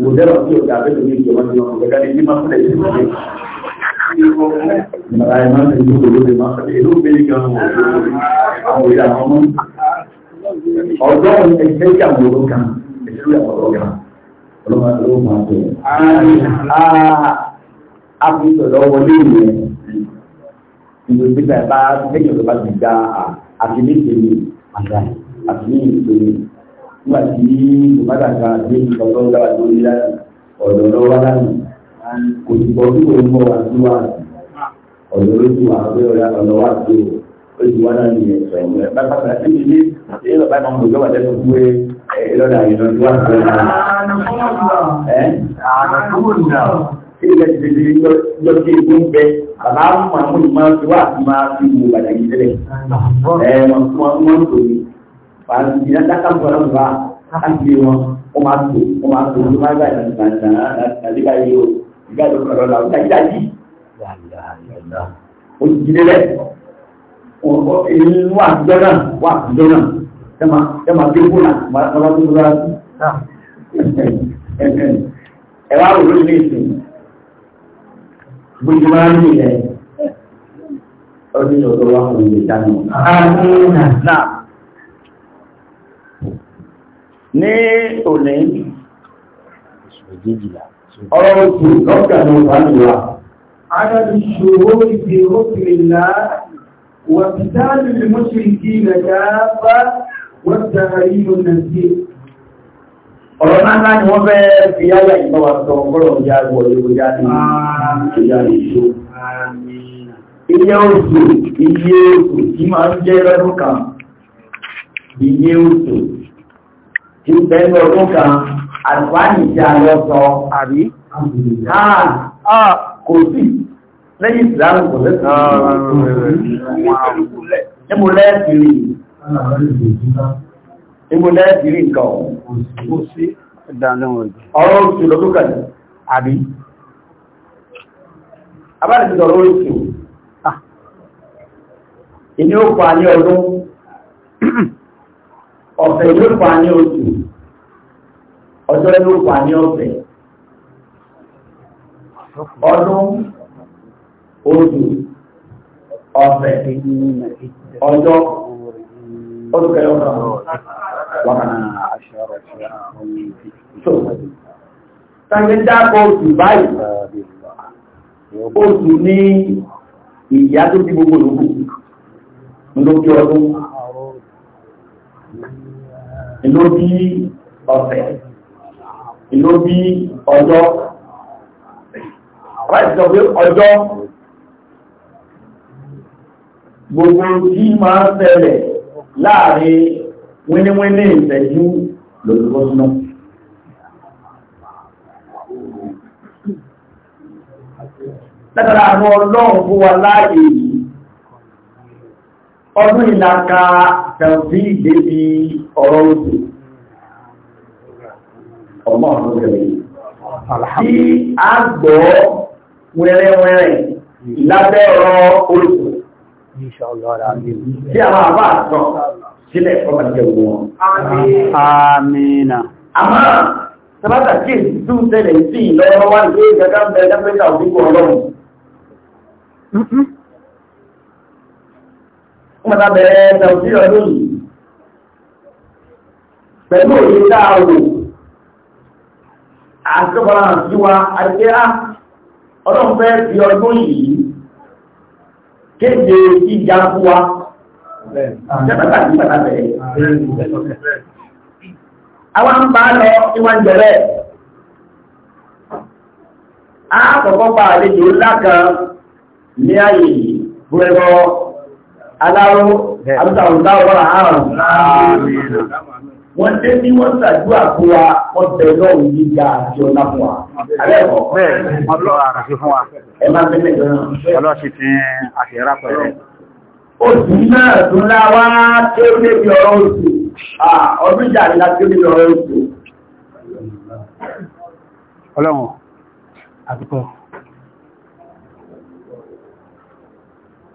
mo dẹ́rọ̀ sí ọ̀gá abẹ́tò ní ìjọba tí wọ́n kọ̀ọ̀kan ní bímọ fúnlẹ̀ sí ìwé. Bàbá ẹ̀ máa ń tẹ̀lé olóògbé olóògbé máa ń tẹ̀lé olóògbé ní gan wọ̀ àwọn ìyá àwọn ọmọ. Ọ̀dọ́ ẹgbẹ́ ìyàwó kan ẹ̀ṣẹ́ ìyàwó kan ọlọ́mọ ló máa àti méje ní àgbà àti méje tó ní nígbà tí bùkátà kan àti méje kan tó ń dára tó ní láti ọ̀dọ̀ lọ́wọ́ wá láti kò sì bọ́ sí òun bọ̀ wá sí wá ọ̀dọ̀ ló ti wà pé ọ̀dọ̀ ọ̀dọ̀ wá sí o ó ti wá láti yẹn sọ ẹ̀ bá bá ti ní ṣé lọ bá máa ń bọ̀ fún pé lọ́dà yìí lọ́dún wá sí ọ̀dọ̀ ẹ̀ àdàkùn náà ṣé ilẹ̀ bàbá mọ̀ mú ìmọ̀ tí wà tí máa fi mú bàjẹ́ yìí tẹ́lẹ̀. ẹ wọn tí wọn wọn tó ní bàbá ti ní dáká bọ̀ lọ́wọ́ bá á ti wọn ó máa tó ó máa tó ó máa gbà yìí gbàgbà àti ká yìí o ìgbà tó kọ̀ lọ́la ó dájú dájú. ó ti jílé lẹ inú àtijọ́ náà wà àtijọ́ náà tẹ́ma tẹ́ma tó kú náà bàbá tó kú náà. ẹ wá wò lórí ní ìsìn bójú máa ń nílẹ̀ ọdún ọ̀dọ́ wa kò lè dánù. Náà ní òní ọ̀rọ̀ oṣù lọ́gbà ní ọ̀pá nìyà. Adàbí ṣòro ìdè òkèlá wà bí dáàbì mọ́ṣe ìdí ìrẹ̀dá bá wọ́n tààrí ọ̀rọ̀ náà ni wọ́n fẹ́ fi yáyà ìbọ̀wà sọ ọgbọ́rọ̀ ìyá àgbọ̀ ìlú jáde ìyá ìṣó. Iye oṣù, iye oṣù tí máa ń jẹ́ lọ́dún kan, iye oṣù tí ń bẹ́ lọ́dún kan, àdúgbàní tí a lọ sọ, àbí? Kò sí, lẹ́yìn ìsìlámù kò lẹ́sìn. Ní ah, ah, ah, mo lẹ́ẹ̀kiri. Ibo lẹ́ ti rí nǹkan ọ̀hún. Ọ̀rọ̀ oṣù lọ́dún kan àbí. Abáàdì ti sọ̀rọ̀ oṣù. Ah. Ìní ó pa ní ọdún. Ọ̀fẹ́ ló pa ní oṣù. Ọjọ́ ló pa ní ọ̀fẹ́. Ọdún oṣù ọ̀fẹ́ ọjọ́ ọdún kẹyọ̀ kan. Oṣù ní ìyá tó bí gbogbo lókù lókè ọdún, ìlú bí ọ̀fẹ́, ìlú bí ọjọ́. Àwọn ìsọ pé ọjọ́ gbogbo tí máa ń wíníwíní ìtẹ́jú lòlúwọ́ náà látara àwọn ọlọ́run fún wa láàyè yìí ọdún ìlàkà tẹ̀lbí ìdébí ọ̀rọ̀ òjò ọmọ ọ̀rọ̀ rẹ̀ tí a gbọ́ wẹ́rẹ́wẹ́rẹ́ lábẹ́ ọ̀rọ̀ òjò tí àwọn àbá àtọ́ sílẹ̀ ọmọ jẹ gbogbo wọn. Àmìnà. Àmá, sábátà kí èsì tún tẹ́lẹ̀ sí ìlọ́wọ́ wá ní ìgbẹ́gbẹ́ ń bẹ lẹ́pẹ́ta òdíkò ọlọ́run. Ó mọ̀ta bẹ̀rẹ̀ ẹ̀ẹ́ta òsì ọdún yìí. Pẹ̀lú òye dáàwò, àṣọ́bọ̀lá sí wa, àṣẹ́rá, ah, ọlọ́run fẹ́ fi ọdún yìí kéde ìjà fún awa sí bàtà bẹ̀rẹ̀. Àwọn ń bá lọ ìwọ̀n jẹ̀rẹ̀. A kọ̀kọ́ pa àlejò ńlá ní ààyè búrẹ́rọ aláró àbútàwùtà ọ̀rọ̀ àrùn. Wọ́n ní wọ́n àkúwa àti oṣù náà tún láwá tí ó lébi ọ̀rọ̀ oṣù ọdún jàrí láti ó lébi ọ̀rọ̀ oṣù ọlọ́run àtúkọ́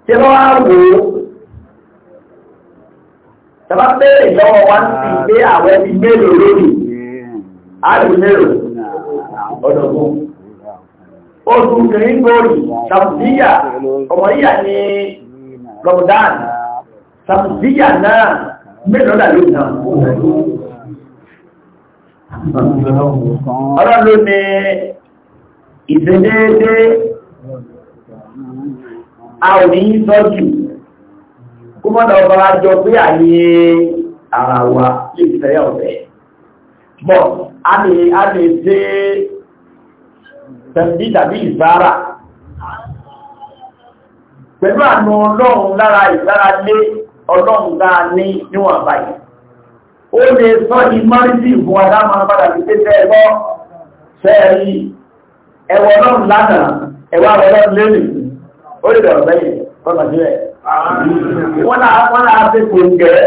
tí wọ́n á wò ó tàbá bẹ́ẹ̀ lọ́wọ́ wá sí pé àwọn ẹbí mélòó lórí àrùn mélòó ọdọ̀gbọ́n ọmọ yíyà ni Ramadan sàmùsíyà náà mélòó là yóò náà ọ̀rọ̀ ló ní ìṣẹ́déédé a ò ní sọ́jù kó mọ́nà ọba jọ pé àyè ara wa lè fẹ́ ọ̀fẹ́ bọ́ a lè ṣe tẹ̀sí tàbí ìsára pẹ̀lú àánú ọlọ́run lára ìlára lé ọlọ́run dáa ní níwọ̀n báyìí ó lè sọ ní mọ́rísì ìbùn adámọ́ padà sí pé fẹ́ ẹgbọ́ fẹ́ẹ̀rí ẹwọ ọlọ́run lánàá ẹwà ọlọ́run lérìn ó lè dọ̀rọ̀ bẹ́yìn kọ́nà sílẹ̀ wọ́n náà fẹ́ kò ń gẹ̀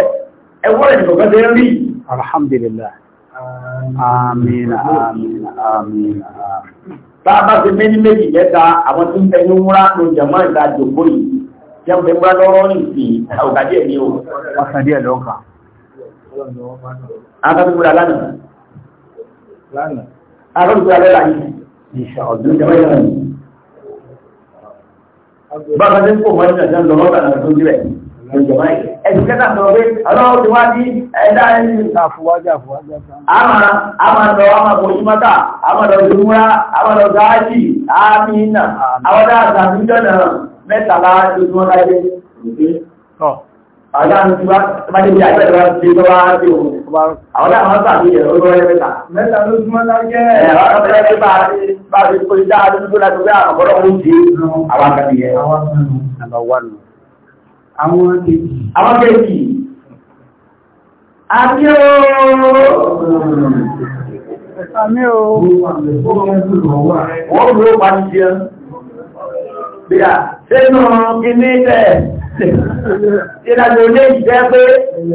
ẹwọ́ ìdìbòkan tẹ́ rí alhamdulillah amina amina amina tábà ti méjì méjì mẹ́ta àwọn tí ń bẹ ní múra ló jẹ̀mọ́ ìta jòkó yìí tí wọ́n fẹ́ múra lọ́rọ́ ní ìsìn àwòkàdé ẹ̀mí o. ọ̀sán díẹ̀ lọ́kà. akọ́bí múra lánàá. lánàá. akọ́bí múra lọ́la yìí. ìṣà ọ̀dún jẹ́mọ́ ìlànà yìí. bá a bá ti ìjọba yìí ẹ̀sùn kẹta sọ pé ọlọ́run ti wá sí ẹ̀dá ẹ̀yìn àfúwájà àfúwájà àmà àmàlọ àmàbòjúmọ́ta àmàlọ ìdúnmúra àmàlọ gáàjì àmìnà àwọ́dá àtàmìjọ́nà mẹ́tàlá ìdúnmọ́ láyé Àwọn àwọn tí wá bá dé bí àjẹ́rẹ́ wá sí lọ́wọ́ àti òun. Àwọn àwọn àti àjẹ́rẹ́ olówó ẹgbẹ́ta. Mẹ́ta ló súnmọ́ láyé. Ẹ̀rọ ọ̀pẹ́ ẹgbẹ́ bá rí bá rí kó ìdá àdúgbò láti gbé àwọn ọ̀pọ̀lọpọ̀ oúnjẹ àwọn akẹ́kẹ̀ẹ́. Àwọn wà nù àwọn kejì àwọn kejì àmì ooo wọ́n ló pa ti jẹ́ bí a sínú ilé tẹ́ ìrìnàjò ilé ìjẹ́ pé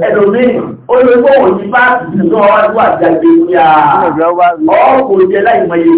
ẹ̀lòmí olóògbò òní bá ìsìnkú ọwọ́ àti àjẹ́ ìgbé ní àà ọkùnrin jẹ́ láìmọ̀ yìí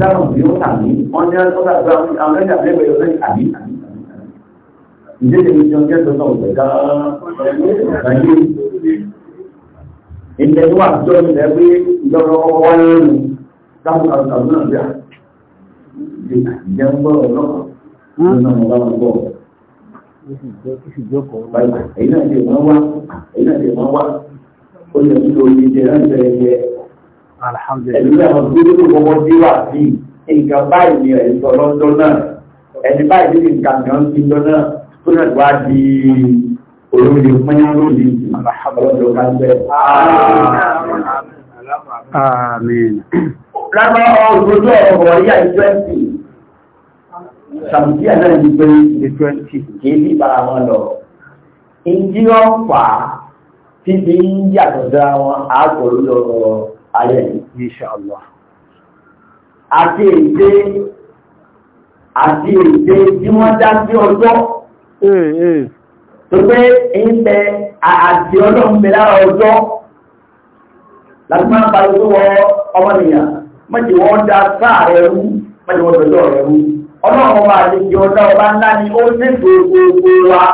dáhùn bí ó tàbí wọ́n ní ọjọ́ àgbà àwọn ẹ̀dà lẹ́gbẹ̀ẹ́ ọjọ́ àbí ìdíje ìjọ jẹ́ tó náà ọ̀gbẹ̀dá ẹ̀yẹ ìjẹ́ tó wà jọ ilẹ̀ pé ìjọba ọkọ̀ wá lórí dáhùn àrùn náà bí i ìjẹ́ ń bọ́ ọlọ́kọ̀ nínú ọmọ bá wọn bọ̀ èyí náà ti wọ́n wá ó yẹ kí lórí ìjẹ́ láti ẹ̀yẹ Ẹ̀lú ẹ̀mọ̀ tó ní gbogbo dí wà sí nǹkan ni ẹ̀sọ̀ lọ́dọ́ náà. Ẹni báyìí ní nǹkan kan sí lọ náà tó di olóòlè pẹ́yà lónìí ọlọ́dọ̀ kan bẹ́ẹ̀. Àmín. Lábọ́ ọgbọ́dọ̀ ọ̀rọ̀ yà ìjọ́sìn. Sàmùsíà náà ní pé kìí sí bára wọn lọ. Ìjí ọ̀pá ti fi ń yàtọ̀ dára wọn àgbọ̀rọ̀ lọ́rọ̀ alẹ́ inṣàlá àti èdè àti èdè tí wọ́n dá sí ọjọ́ eh, eh. tó pé ń bẹ àti ọlọ́run bẹ lára ọjọ́ láti máa ń parí tó wọ ọmọnìyàn mọ́jì wọ́n dá sáà rẹ̀ rú mọ́jì wọ́n pẹ̀lú ọ̀rẹ́ rú ọlọ́run ọba àti ìjọ ọ̀dá ọba ńlá ni ó ní gbogbo wa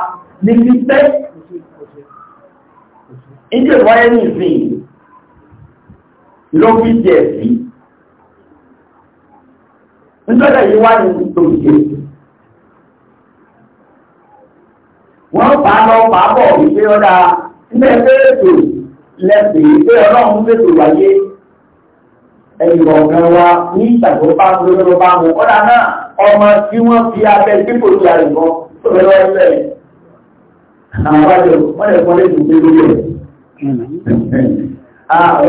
ní fífẹ́ ìjọ ìwáyé ní ìsìn ló fi jẹ́ sí nítorí yìí wá ní tó jẹ́ wọ́n fà lọ fà bọ̀ wípé ọ̀dà ilé ètò lẹ́sìn pé ọlọ́run fètò wáyé ẹ̀yìn ọ̀gán wa ní ìṣàkó bá ń lọ́rọ̀ bá mú ọ̀dà náà ọmọ tí wọ́n fi abẹ́ pípò sí àrùkọ́ tó fẹ́ lọ́wọ́ ilẹ̀ àwọn àjọ wọ́n lè kọ́ lẹ́sìn Àmì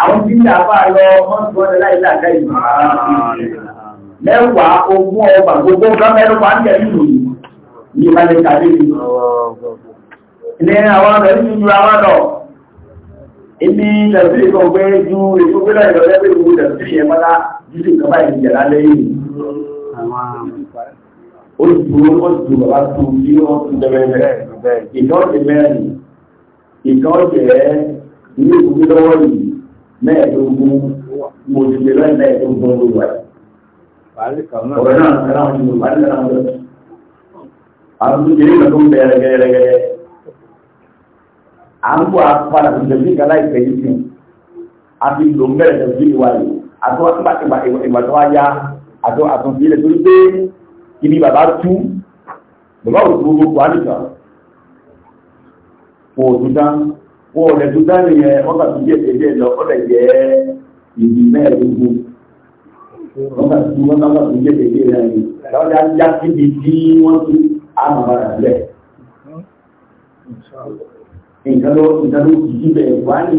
àwọn tí ní àbá lọ mọ́ sí wọ́n láì láàká ìmọ̀. Mẹ́wàá ogún ọgbà gbogbo gọ́mẹ́rún máa ń jẹ́ nínú ní ìbálẹ̀ tàbí ní àwọn rẹ̀ ní ju àwọn lọ. Ibi tẹ̀sí kan gbé ju èso gbé láì lọ́lẹ́gbẹ̀ẹ́ ó dúró ó dùn bàbá tó bí wọ́n tún dẹ́rẹ́rẹ́ ìkan ọ̀dẹ̀ mẹ́rin ìkan ọ̀dẹ̀ ilé ìwé lọ́wọ́ yìí mẹ́ẹ̀ẹ́dógún mo ti lè lọ́ọ̀ mẹ́ẹ̀ẹ́dógún ló wà. ọ̀rọ̀ náà ẹ̀rọ àwọn ìlú wà nílẹ̀ náà lọ́sọ̀. àwọn tó jẹ́ ìlú tó ń bẹ rẹ́gẹ́rẹ́gẹ́ à ń bọ̀ àpàdà tó jẹ́ sí ìkàlá ìfẹ́ yìí sìn àti ìlò ń bẹ̀rẹ̀ tó sí ìwà yìí àtúwàtúwà ìgbà tó wáyá àtúwàtúwà ibi bàbá tú bàbá ò tó gbogbo àdìgbà kò dúdá kò ọ̀rẹ́ dúdá tó jẹ́ ẹ̀jẹ̀ lọ ọ̀rẹ́ jẹ́ ìdí mẹ́ẹ̀ẹ́dógún wọ́n tó jẹ́ ẹ̀jẹ̀ rẹ̀ ni lọ́wọ́ dá já tí wọ́n ti àmàmà rẹ̀ lẹ̀. nǹkan ló nǹkan ní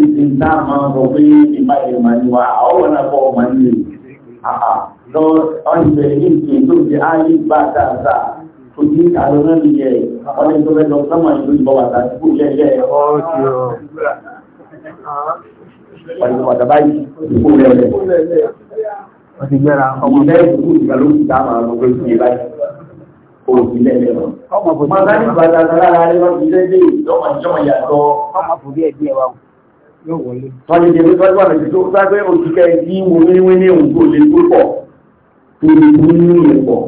ìsìn tá máa ń pé ìbáyìí màá ní wa àwọn náà kọ́ ọmọ nílé Òjí àwọn náà ní ẹ̀ ọdún tó mẹ́jọ sọ́mọ̀ ìlú ìbọ̀wàtà tí kò lẹ́lẹ́ ọ̀ọ́kì ọ̀. Pàdùwàtà báyìí, kò lẹ́lẹ́. Wọ́n ti gbẹ́ra ọmọ bẹ́ẹ̀ ìlú ìgbàlókì dáàmà ọmọ òbílẹ̀ lẹ́wọ̀n. ọmọ bòbí ẹ̀bí ẹwà yóò wọlé. tọ́lẹ̀ jẹ́ pé tọ́lẹ̀ wà lẹ́sí tó sáfẹ́ òṣìṣẹ́ ìdí wo ní wé ní òǹkó lè púpọ̀. Ìrìnlẹ̀ ìpọ̀,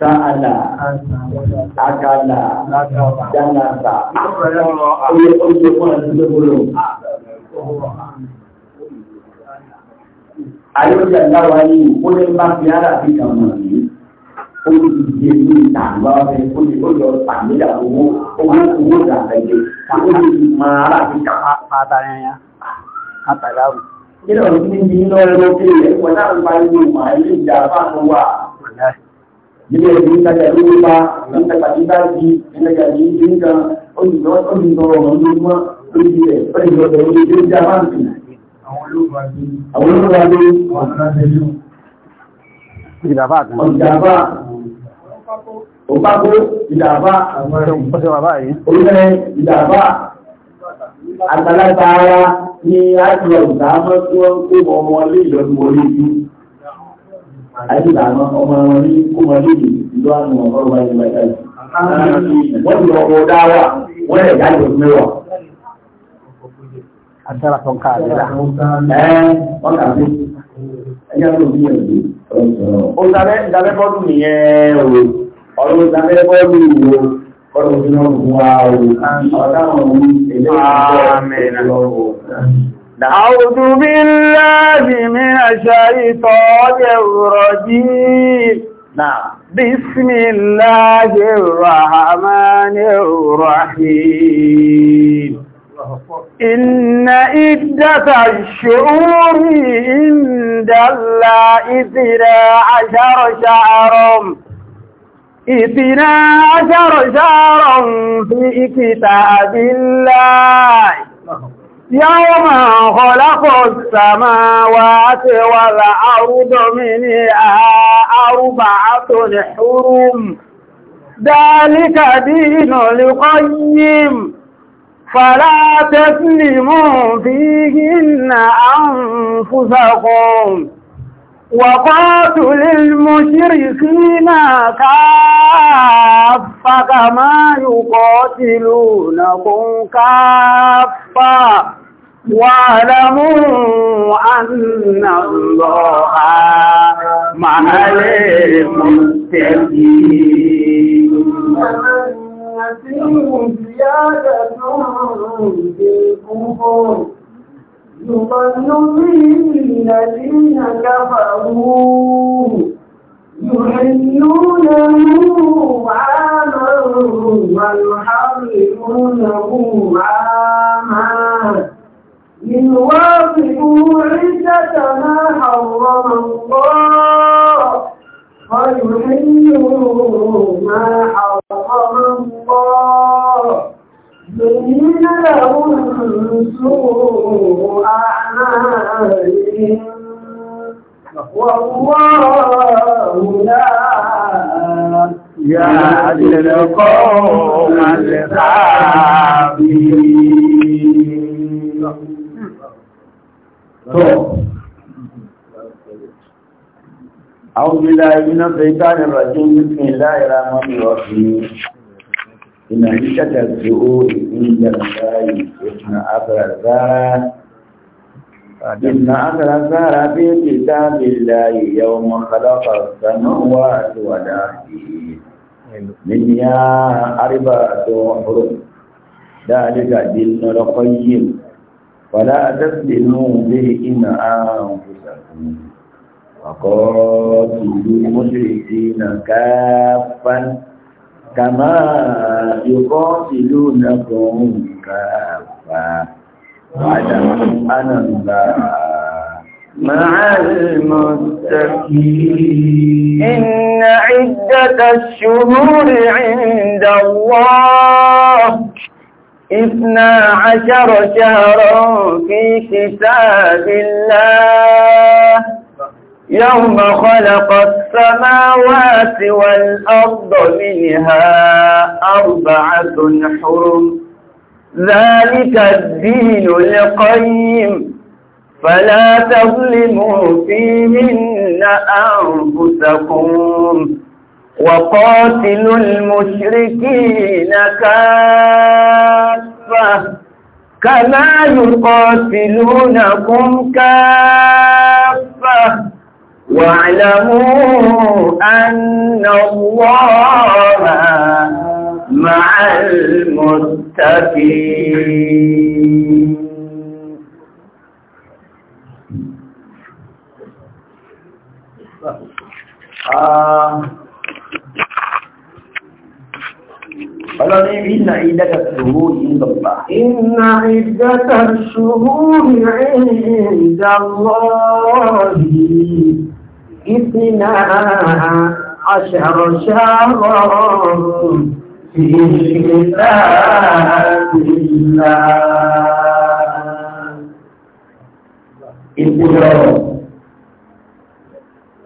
sáàlà, àgàlà, jánàtà, orí oúnjẹ fún àtúgbẹ́gbọ́lọ̀. Àyọ́jà láwá ní ó lé bá fi ara fi kàmọ̀ ní, ó ti jẹ ní ìtàgbà ọ̀fẹ́, ó ti ó yọ pàmílà owó, owó owó ìdàgbẹ̀jẹ̀, ó ti máa ara fi kàmọ̀ nínú ọdún ní iná ẹrọ bí ilẹ̀ pọ̀ náà ń bá ilé ìmọ̀ ilé ìjà fáànù wà. Ilé ẹ̀dí ń tajà ló wípa, ń tajà ní báyìí, ń tajà ní ìdí nǹkan, ó sì lọ ó sì sọ̀rọ̀ ọ̀nà ní mọ́ lórí ilẹ̀ ó sì lọ́dọ̀ orí ilé ìjà fáànù. Àwọn olóòwò adé. Ìjàfà. Ìjàfà. Òpákó ìjàfà. Òṣèwà báyìí. Orílẹ̀ ìjàfà àgbàlagbà ara ni a ti lọ ìdámọ́ tí wọ́n kó ọmọ ilé ìlọ́dún wọlé ìlú àìsíláàmọ́ ọmọ wọn ní kó wọn lè ìlú àwọn ọ̀rọ̀ wáyé wáyé wọ́n ti lọ ọmọ dáwà wọ́n lè jáde mẹ́wàá Àtàrà tó ń ká àdúrà. Ẹ wọ́n kà sí. Ẹjẹ́ ló bí ẹ̀dùn. Ó dábẹ́ bọ́ọ̀lù nìyẹn o. Ọ̀rọ̀ dábẹ́ bọ́ọ̀lù wo. ọdún أعوذ بالله من الشيطان الرجيم نعم بسم الله الرحمن الرحيم إن إدة الشعور عند الله إذرى عشر شعرا اثنا عشر شهرا في كتاب الله يوم خلق السماوات والأرض منها أربعة حرم ذلك دين القيم فلا تسلموا فيهن أنفسكم وقاتل المشركين كافة كما يقاتلونكم كافة واعلموا أن الله مع المتقين ومن يسير زيادة في الكفر يضل به الذين كفروا يحلونه عاما ويحرمونه عاما ليوافقوا عدة ما حرم الله ويحلوا ما حرم الله زين لهم سوء أعمالهم والله لا يهدي القوم الكافرين أعوذ بالله من الشيطان الرجيم بسم الله الرحمن الرحيم إن عيشة الذئور عند الله إن أثر الزارة إن أثر الزارة في كتاب الله يوم خلق السماوات والأرض منها أربعة حرم ذلك دين القيم ولا تفتنوا به إن أنفسكم وقاتلوا المشركين كافة كما يقاتلونكم كافة وعدم أن الله مع المتقين إن عدة الشهور عند الله إثنا عشر شهرا في كتاب الله يوم خلق السماوات والأرض منها أربعة حرم ذلك الدين القيم فلا تظلموا فيهن أنفسكم وقاتلوا المشركين كافة كما يقاتلونكم كافة واعلموا أن الله مع المتقين Ọlọ́rin rí ìnà ìdẹ́gà ṣòro ìdọ̀gbà. Ìnà ìdẹ́gà ṣòro ìrìn ìdàmọ́ yìí. إثنى عشر شهرا في كتاب الله ìpínlẹ̀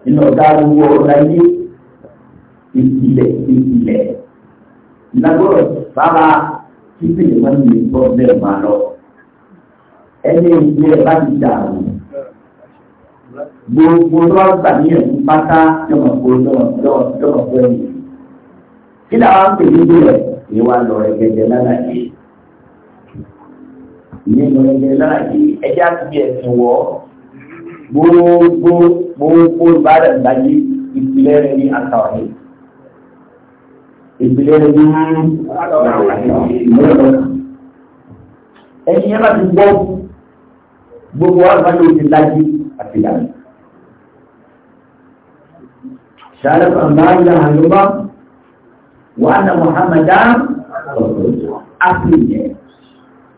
nínú ọ̀dá gbogbo ọ̀dá yìí ìpìlẹ̀ ìpìlẹ̀ lágbọ́rọ̀ bàbá títí ìwọ́n lè gbọ́ bẹ́ẹ̀ máa lọ ẹni ìpìlẹ̀ bá ti dàrú gbogbo lọ́wọ́ gbà ní ẹ̀sùn pátá jọmọ̀gbò jọmọ̀gbò ẹ̀yìn. kí làwọn ń pè ní bílẹ̀ èyí wá lọ ẹ̀gẹ̀dẹ̀ lálàyé. ìyẹn lọ ẹ̀gẹ̀dẹ̀ lálàyé ẹjẹ́ àtúbí ẹ̀sìn wọ̀ gbogbo gbogbo ìbára ìdájí ìpìlẹ̀ rẹ̀ ní àtàwọn yìí. ìpìlẹ̀ rẹ̀ ní àtàwọn yìí. ẹ̀yin yẹn bá ti gbọ́ gbogbo àgbáyé ti dájú àti ìlànà. Ṣàrẹ́ Bàbá Ìyá Àlúbá wà ní Mùhàmmadá Àfihàn.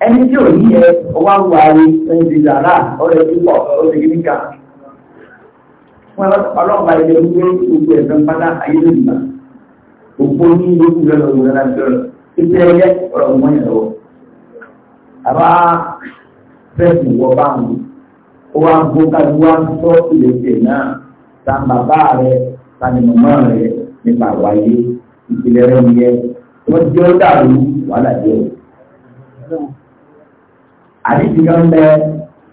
Ẹni tí ò ní ẹ ọwá wà rí ẹni ti dàrá ọ̀rẹ́ púpọ̀ ọ̀rẹ́ gíníkà. Wọ́n ọlọ́pàá ilé wúwé gbogbo ẹ̀fẹ́ pátá ayélujára. Òpó ní ilé ìwé lọ́wọ́ láti ọ̀rọ̀. Ìpẹ́ ẹyẹ ọ̀rọ̀ mọ́yìn lọ́wọ́. Àbá fẹ́ẹ̀sì wọ báwọn ó wá ń gbóká ló wá ń tọ́ ìlẹ́sẹ̀ náà ta bàbá rẹ ta ni màmá rẹ nípa wáyé ìpìlẹ̀ rẹ nìyẹ wọ́n jẹ́ ó dàrú wàhálà jẹ́ o. àdìsí kan bẹ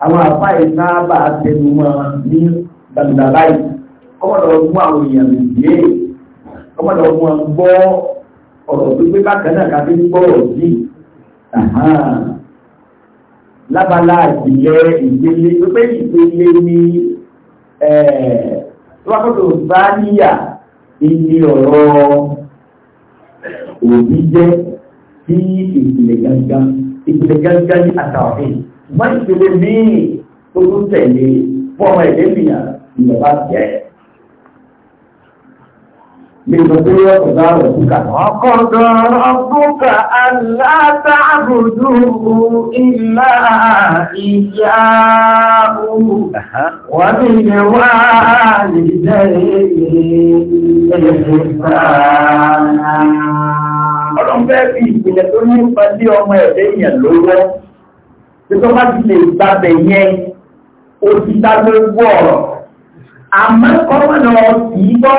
àwọn àfa ìsáábà tẹnumọ́ ní gbàgbà báyìí kọ́mọ̀dọ̀ mú àwọn èèyàn lè dé kọ́mọ̀dọ̀ mú àwọn gbọ́ ọ̀rọ̀ tó bákan náà kábí gbọ́ ọ̀rọ̀ sí lábala ìjìnlẹ̀ ìgbélé pé ìgbélé ní tọ́kọ̀tò sáníyà ilé ọ̀rọ̀ òbí jẹ́ sí ìpìlẹ̀ gangan ìpìlẹ̀ gangan ní àtàwọn èèyàn wọ́n ìpìlẹ̀ míì tó tún tẹ̀lé fọ́ọ̀mù ẹ̀dẹ́gbìyàn ìjọba jẹ́ وقد ربك ألا تعبدوا إلا إياه وبالوالدين إحسانا Ọlọ́run fẹ́ fi ìpìlẹ̀ tó ní ipa lé ọmọ ẹ̀dẹ́ èèyàn lówọ́, tí tó bá ti lè gbàbẹ̀ yẹn, ó ti dá lórí gbọ́ ọ̀rọ̀. Àmọ́ kọ́mọ̀nà ọ̀sìn gbọ́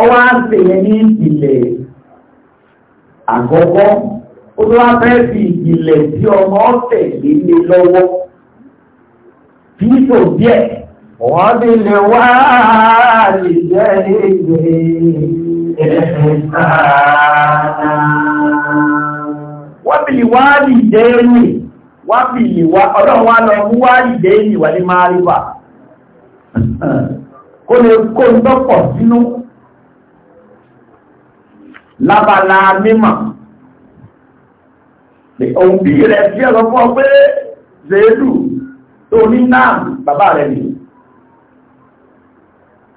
ọwá ṣe yẹn ní ìpìlẹ̀ àkọ́kọ́ ó tó wá fẹ́ fi ìpìlẹ̀ tí ọmọ ọ̀tẹ̀ lélẹ̀ lọ́wọ́ kí ní tó díẹ̀ wọ́n bí lè wá lè jẹ́ èdè wọ́n bí lè wá lábala mímọ̀ ohun bí rẹ̀ fi ẹ̀rọ fún ọ pé zèélù tó ní náà bàbá rẹ̀ nìyí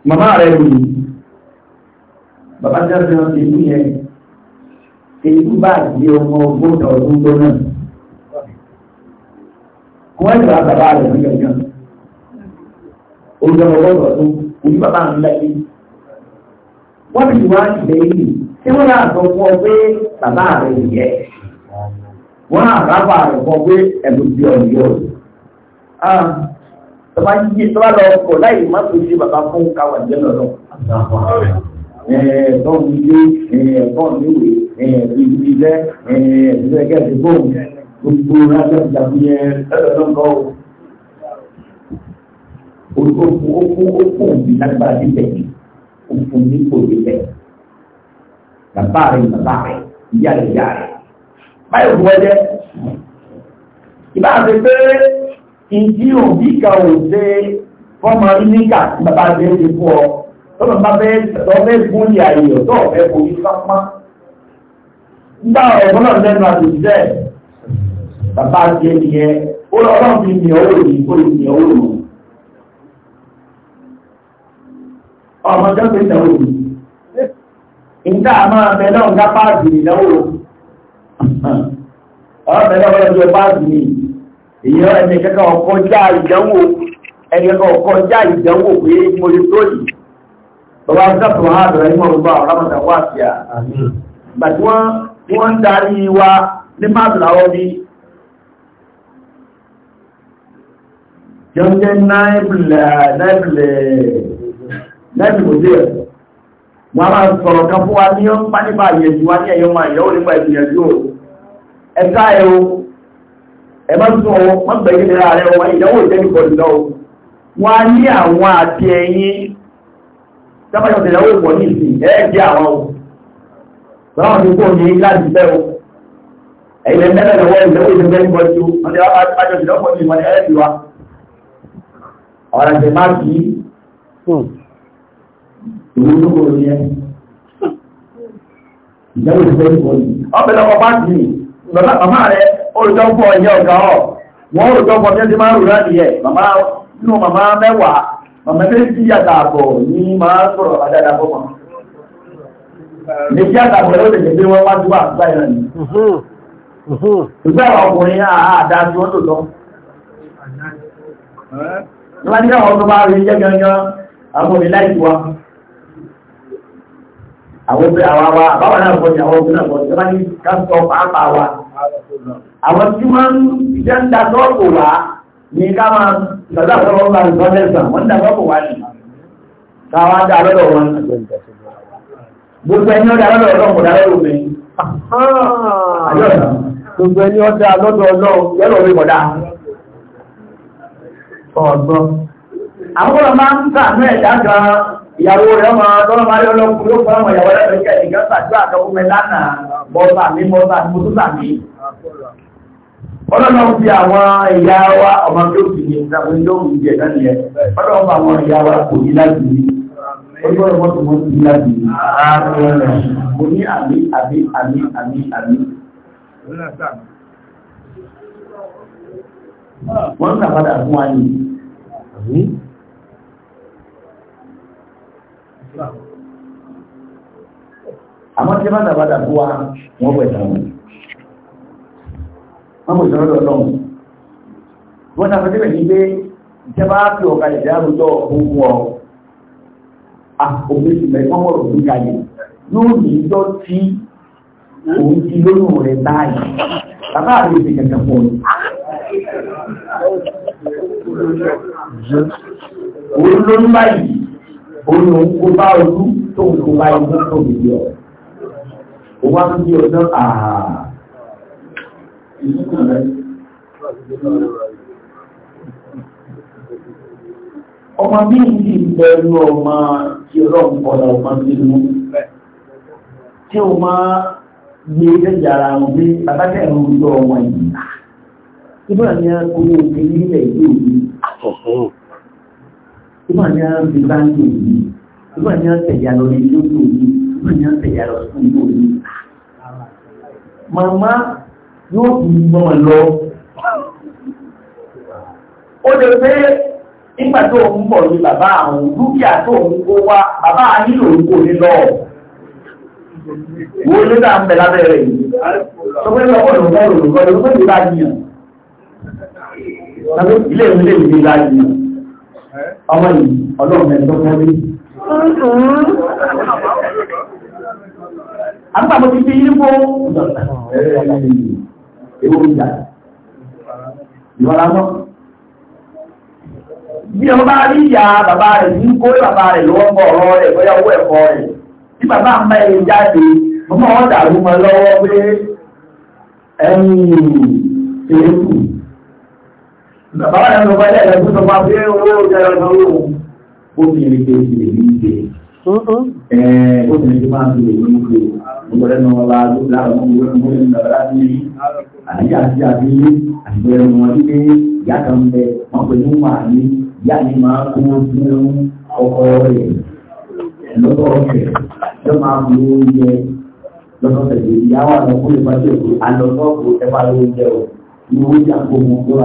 màmá rẹ̀ nìyí bàbá jẹ́ fi hàn sí ìlú yẹn èyí bá di ọmọ ọgbọ́n ọdún tó náà wọ́n yìí wá bàbá rẹ̀ ní gẹ̀gẹ̀ olùdókòwò ọdún òní bàbá ń lẹ́yìn wọ́n ti wá ìlẹ́yìn tí wọ́n náà sọ fún ọ pé bàbá rẹ̀ nìyẹn wọ́n náà rábà rẹ̀ fọ́ pé ẹ̀bùn bí ọ̀yọ́ tọ́ba yíyí tọ́ba lọ kọ̀ láì má tó ṣe bàbá fún káwà jẹ́ lọ́dọ̀ ẹ̀ẹ́dọ́n ilé ẹ̀ẹ́dọ́n níwèé ẹ̀ẹ́dìbí lẹ́ ẹ̀ẹ́dìbẹ́gẹ́ ti bóun gbogbo rájọ́ ìjàmbí ẹ̀ lọ́dọ̀ okun okun okun òbí lágbára bíbẹ̀ okun ní kò bíbẹ̀ bàbá rẹ̀ bàbá rẹ̀ ìyá rẹ̀ ìyá rẹ̀ báyìí òkú ẹjẹ́ ìbá àti pé ìdí òbí kan ò ṣe fọ́mọ níkà bàbá rẹ̀ ti fún ọ tọ́lọ̀ bá fẹ́ tọ́fẹ́ fún ìyá ìyọ̀ tó ọ̀fẹ́ kò ní sápá nígbà ẹ̀fọ́n náà lẹ́nu àti ìṣẹ́ bàbá ti ẹni yẹn ó lọ ọlọ́run fi mi ọ̀rọ̀ yìí kó lè mi ọ̀rọ̀ ọmọ jẹ́ pé ìtàwọn òbí ìta àmọ́ ọbẹ̀ náà ńlá páàdì ìnáwó ọbẹ̀ náà wọ́n lọ páàdì èyí ẹni kẹ́kẹ́ ọkọ̀ já ìdánwò ẹni kẹ́kẹ́ ọkọ̀ já ìdánwò pé mo lè tó yìí bàbá sáfù ha bẹ̀rẹ̀ ní ọ̀rọ̀ bá ọ̀rọ̀ mọ̀tà wà sí à bàtí wọ́n máa sọ̀rọ̀ kan fún wa ní ọ́n pa nípa ìyẹ̀jú wa ní ẹ̀yọ́ máa yẹ̀wò nípa ìyẹ̀jú o ẹ̀ka ẹ̀ o ẹ̀ má sún o wọ́n gbẹ̀yìn nira rẹ̀ wọ́n ìyẹ̀wò ìjẹ́nu pọ̀ jùlọ o wọ́n á ní àwọn àti ẹ̀yìn sábàjọ́ ìyẹ̀wò ìpọ̀ ní ìsìn ẹ̀ jẹ́ àwọn o báwọn ti kó ní láti bẹ́ o ẹ̀yìn mẹ́rẹ̀ lọ́wọ́ ìyẹ̀wò ìjẹ́nu pọ̀ jù wọ́n ti olóko ló yẹ ìjọba ìjọba ìjọba ọbẹ̀ lọ́kọ̀ bá ti lọ́la màmá ọ olùjọ́ fún ọ ọ̀gá ọ̀ ọ olùjọ́ fún ọ̀yẹ́ tí máa ń rò láti yẹ màmá nínú màmá mẹ́wàá màmá bẹ́ẹ̀ ti yàtà àbọ̀ ní máa ń sọ̀rọ̀ àdáadáa fún àwọn obìnrin àwọn àwa àbáwọn náà bọ̀ ní àwọn obìnrin àbọ̀ tí wọ́n ní káńtọ̀ pàápàá wa. àwọn tí wọ́n ń jẹ́ ń da sọ́ọ̀kù wá ní ká máa sọ̀dọ̀ àtọ́wọ́ ń bá ń sọ́ọ́ lẹ́sàn wọ́n ń da sọ́ọ̀kù wá ní. káwá dá lọ́dọ̀ wọn. gbogbo ẹni ọ̀dà lọ́dọ̀ ọlọ́run kò dá lọ́dọ̀ gbogbo ẹni ọ̀dà lọ́dọ̀ ọlọ́run yẹ́lọ̀ mi kọ̀dá. ọ̀gbọ́n àwọn ọmọ máa ń ìyàwó rẹ̀ máa lọ́nà máa yọ́ lọ́kùn ló fún ọmọ ìyàwó rẹ̀ jẹ́ ìgbà pàtó àtọ́kùn mi lánàá bọ́ta mi bọ́ta mi tó sàmì. ọlọ́nà ń fi àwọn ìyá wa ọmọ tó fi ní ìtàwọn ilé òun jẹ lẹ́nu yẹn ọlọ́ ń fa àwọn ìyá wa kò ní láti ní ojú ọ̀rọ̀ mọ́tò mọ́ sí láti ní. mo ní àmì àmì àmì àmì àmì. wọ́n ń kà fún wa yìí. àmọ́ tí bá dàbádà bú wa wọ́n bọ̀ ìtàn wọn bọ̀ ìtàn lọ́dọ̀ lọ́wọ́ wọ́n náà fẹ́ ní pé ìjẹba fi ọ̀ka ìdí àwùjọ ogun ọ̀ àkókò ìsìnlẹ̀ ìfọ́mọ̀rọ̀ òun kalẹ̀ yóò ní ìjọ tí òun ti lóyún rẹ̀ báyìí bàbá rẹ̀ ti kẹ̀kẹ́ pọ̀ ní. òun lóyún báyìí òun òun kó bá ojú tó ń kó bá ojú tó ń bí ọ. Ó wá ń bí ọjọ́ àà. Ọmọ bí ń bí ìbẹ̀rù ọmọ tí ọlọ́run kọ̀ọ̀dà ọmọ nínú. Tí o máa gbé ẹgbẹ̀jà ara wọn bí bàbákẹ́ ẹ̀rọ ojú ọmọ yìí. Ibúra ni a kó ní òkè nílẹ̀ ìlú òbí ìgbà ní a fi bá ní òní ìgbà ní a tẹ̀yà lọ ní ìlú tó ní ìgbà ní a tẹ̀yà lọ sí ìlú òní. màmá yóò fi mọ̀ lọ. ó lè pé nígbà tó ń bọ̀ ní bàbá àwọn dúkìá tó ń kó wá bàbá nílò òkú ní lọ. wo ló dá ń bẹ lábẹ́ yìí? sọ pé lọ́wọ́ ló ń bọ̀ lọ́wọ́ ló ń bọ̀ lọ́wọ́ ló ń ilé ìwé lè ní bá ọmọ yìí ọlọ́run ẹ̀ tó fẹ́ rí. àgbàgbọ́ ti fi yín bó ewu ìjà ìwọ́n lásán. bí ọmọ bá rí ìyá bàbá rẹ̀ ní kó bàbá rẹ̀ lọ́wọ́ ń bọ̀ ọ̀rọ̀ rẹ̀ bóyá owó ẹ̀kọ́ rẹ̀ tí bàbá ń bá ẹni jáde ọmọ wọn dàrú mọ́ lọ́wọ́ pé ẹni ṣe é Bàbá rẹ̀ lọ bá lẹ́ẹ̀lẹ́ tó sọ máa fi owó jẹrọ náà ó obìnrin tó ti lè ní ìgbé. Obìnrin tó máa fi lè ní ìgbé. Mo gbọ́dọ̀ náà la láàrọ̀ mọ́ ìwé mọ́ ìwé ìgbà láti ní àdíjà sí àbílé àti bẹ̀rẹ̀ wọn ní pé ìyá kan bẹ wọn pè ní wà ní ìyá ni máa kó fún ọkọ rẹ̀ lọ́tọ̀ ọ̀sẹ̀ tó máa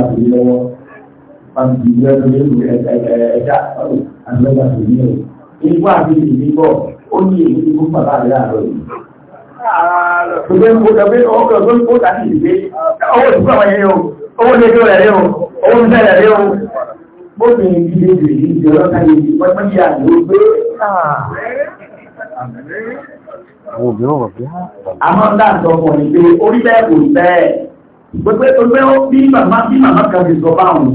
fi pàtàkì ìgbẹ́rù lérò ẹ̀dá ọ̀rọ̀ àgbẹ̀dà tó ní o. Igbó àti ìdíbọ̀ ó ní èyí tí kò pàtà rẹ̀ àárọ̀ yìí. Gbogbo ẹ̀kọ́ gbogbo ọkọ̀ tó ń kó dàbí ìgbé owó ìdúgbò àwọn ẹ̀yẹ o, owó ní ẹjọ́ rẹ̀ o, owó ní ẹ̀rẹ̀ rẹ̀ o. Bó ti ń di lè rí ìdí ọlọ́ta yìí pẹ́pẹ́ yà ló gbé. Àwọn obìnrin wọ̀ ah, bí. Àmọ́ ń dáàtọ̀ ọkọ̀ ní pé orí bẹ́ẹ̀ kò bẹ́ẹ̀. Gbogbo ẹgbẹ́ bí màmá kan ti sọ báwọn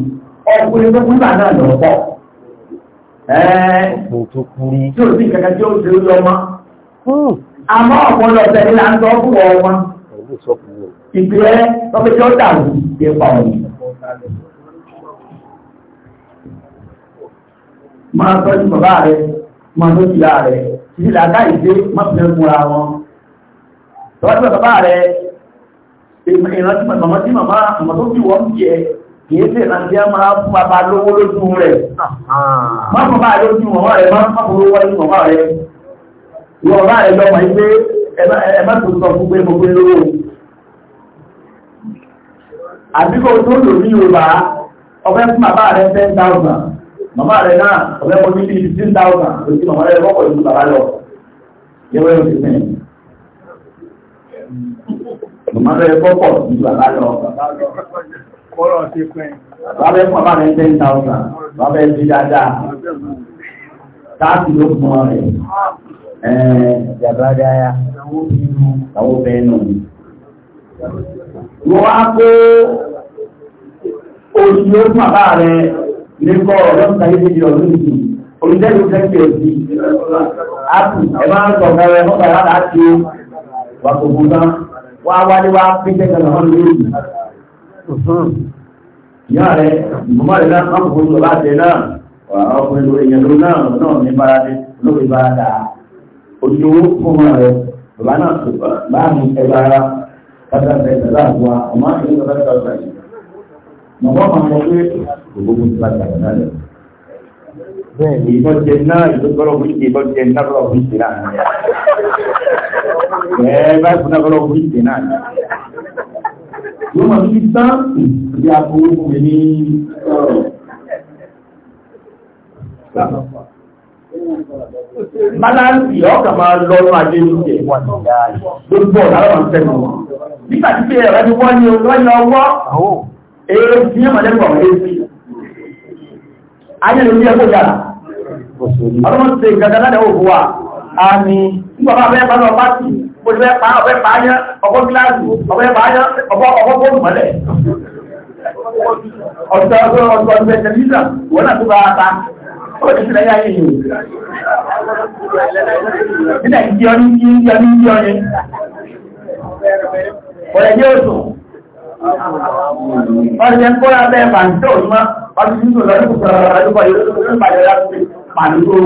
ọkùnrin tó kúrú náà lọ pọ̀ ẹ̀ẹ́n tó kúrú tí ò sí kankan tí ó ṣe ó lọ́mọ hmm. àmọ́ ọ̀pọ̀lọpọ̀ tẹ̀lé là ń sọ fún ọ wọn ìgbẹ́ lọ́pẹ́ tí ó dàrú ìgbẹ́ pa ọ̀yìn máa tọ́jú bàbá rẹ̀ máa tó ti rẹ̀ títí làgá ìdé mọ́pìnlẹ̀ múra wọn tọ́jú bàbá rẹ̀ ìrántí màmá tí màmá tó bí wọ́n jẹ́ kìí sì rántí a máa fún bàbá lówó lójú rẹ̀ má fún bá lójú rẹ̀ wáyé rẹ̀ rẹ̀ tó sọ fún pé lówó tó lò ní Yorùbá fún bàbá rẹ̀ ten thousand rẹ̀ náà ọ̀fẹ́ fún ní fifteen thousand lójú rẹ̀ lọ́kọ̀ ìlú bàbá lọ yẹ́wọ́ yóò rẹ̀ ìlú Ọ̀rọ̀ ti pẹ́. Bàbá ẹ̀kọ́ bá rẹ̀ ten thousand, dáadáa. Táàkì ló mọ rẹ̀. Ìjàmbá dáyà, àwọn obìnrin nù. Mo wá pé oṣù ló fún bàbá rẹ̀ nígbọ́ ọlọ́pàá yìí ọdún yìí. Olùdẹ́rù kẹ́kẹ́ òsì. ń láti wà kò Wá wá lórí. Hmm. ìyá rẹ̀ mọ́mọ́ rẹ̀ náà má kò tó láti náà ọkùnrin lórí ìyẹn lórí náà náà ní báradé lórí bárada ojú fún ọmọ rẹ̀ bàbá náà tó bá mi ẹgbẹ́ ara kátà bẹ̀rẹ̀ láàbùwà ọmọ àti ìlú bẹ́ẹ̀ tọ́jú ẹ̀ mọ̀mọ́ máa mọ̀ pé ògbógbó ti bá tàbí náà lẹ̀ ìbọn jẹ náà ìdókòrò wíìtì ìbọn jẹ náà lọ wíìtì náà ẹ bá kúnná lọ wíìtì náà yóò máa fi tán ìdí àkówó fún mi ní ọ̀rọ̀. Báláǹsì ọkà máa lọ́rún ajé ní ìjẹ̀ gbogbo ọ̀dára wọn tẹ́nu wọn. Nígbà tí pé ẹ̀rọ ni wọ́n ní ọlọ́yìn ọwọ́, èrò tí yẹ́ mọ̀lẹ́kọ̀ ọ̀rẹ́ sí. Ayé ló ní ẹgbẹ́ yàrá. Ọlọ́run ti gàgàdà àmì nígbàmà ọ̀fẹ́ pàdé ọ̀pá sí ọ̀fẹ́ pàá ọ̀fẹ́ pàáyá ọ̀pọ̀ gíláàsì ọ̀fẹ́ pàáyá ọ̀pọ̀ bóòlù mọ́lẹ̀ ọ̀sẹ̀ ọ̀sẹ̀ ọ̀sẹ̀ tẹ̀lifíṣàn wọ́n náà tó bá ta ó ti sílẹ̀ yáyé yìí nígbà ìdí ọní kí ń yọní kí ọní ọ̀rẹ́ yóò sùn ọ̀rẹ́ yẹn kó lábẹ́ bàǹtẹ́ òṣùmá ọdún nígbà lọ́dún kọ̀ọ̀rọ̀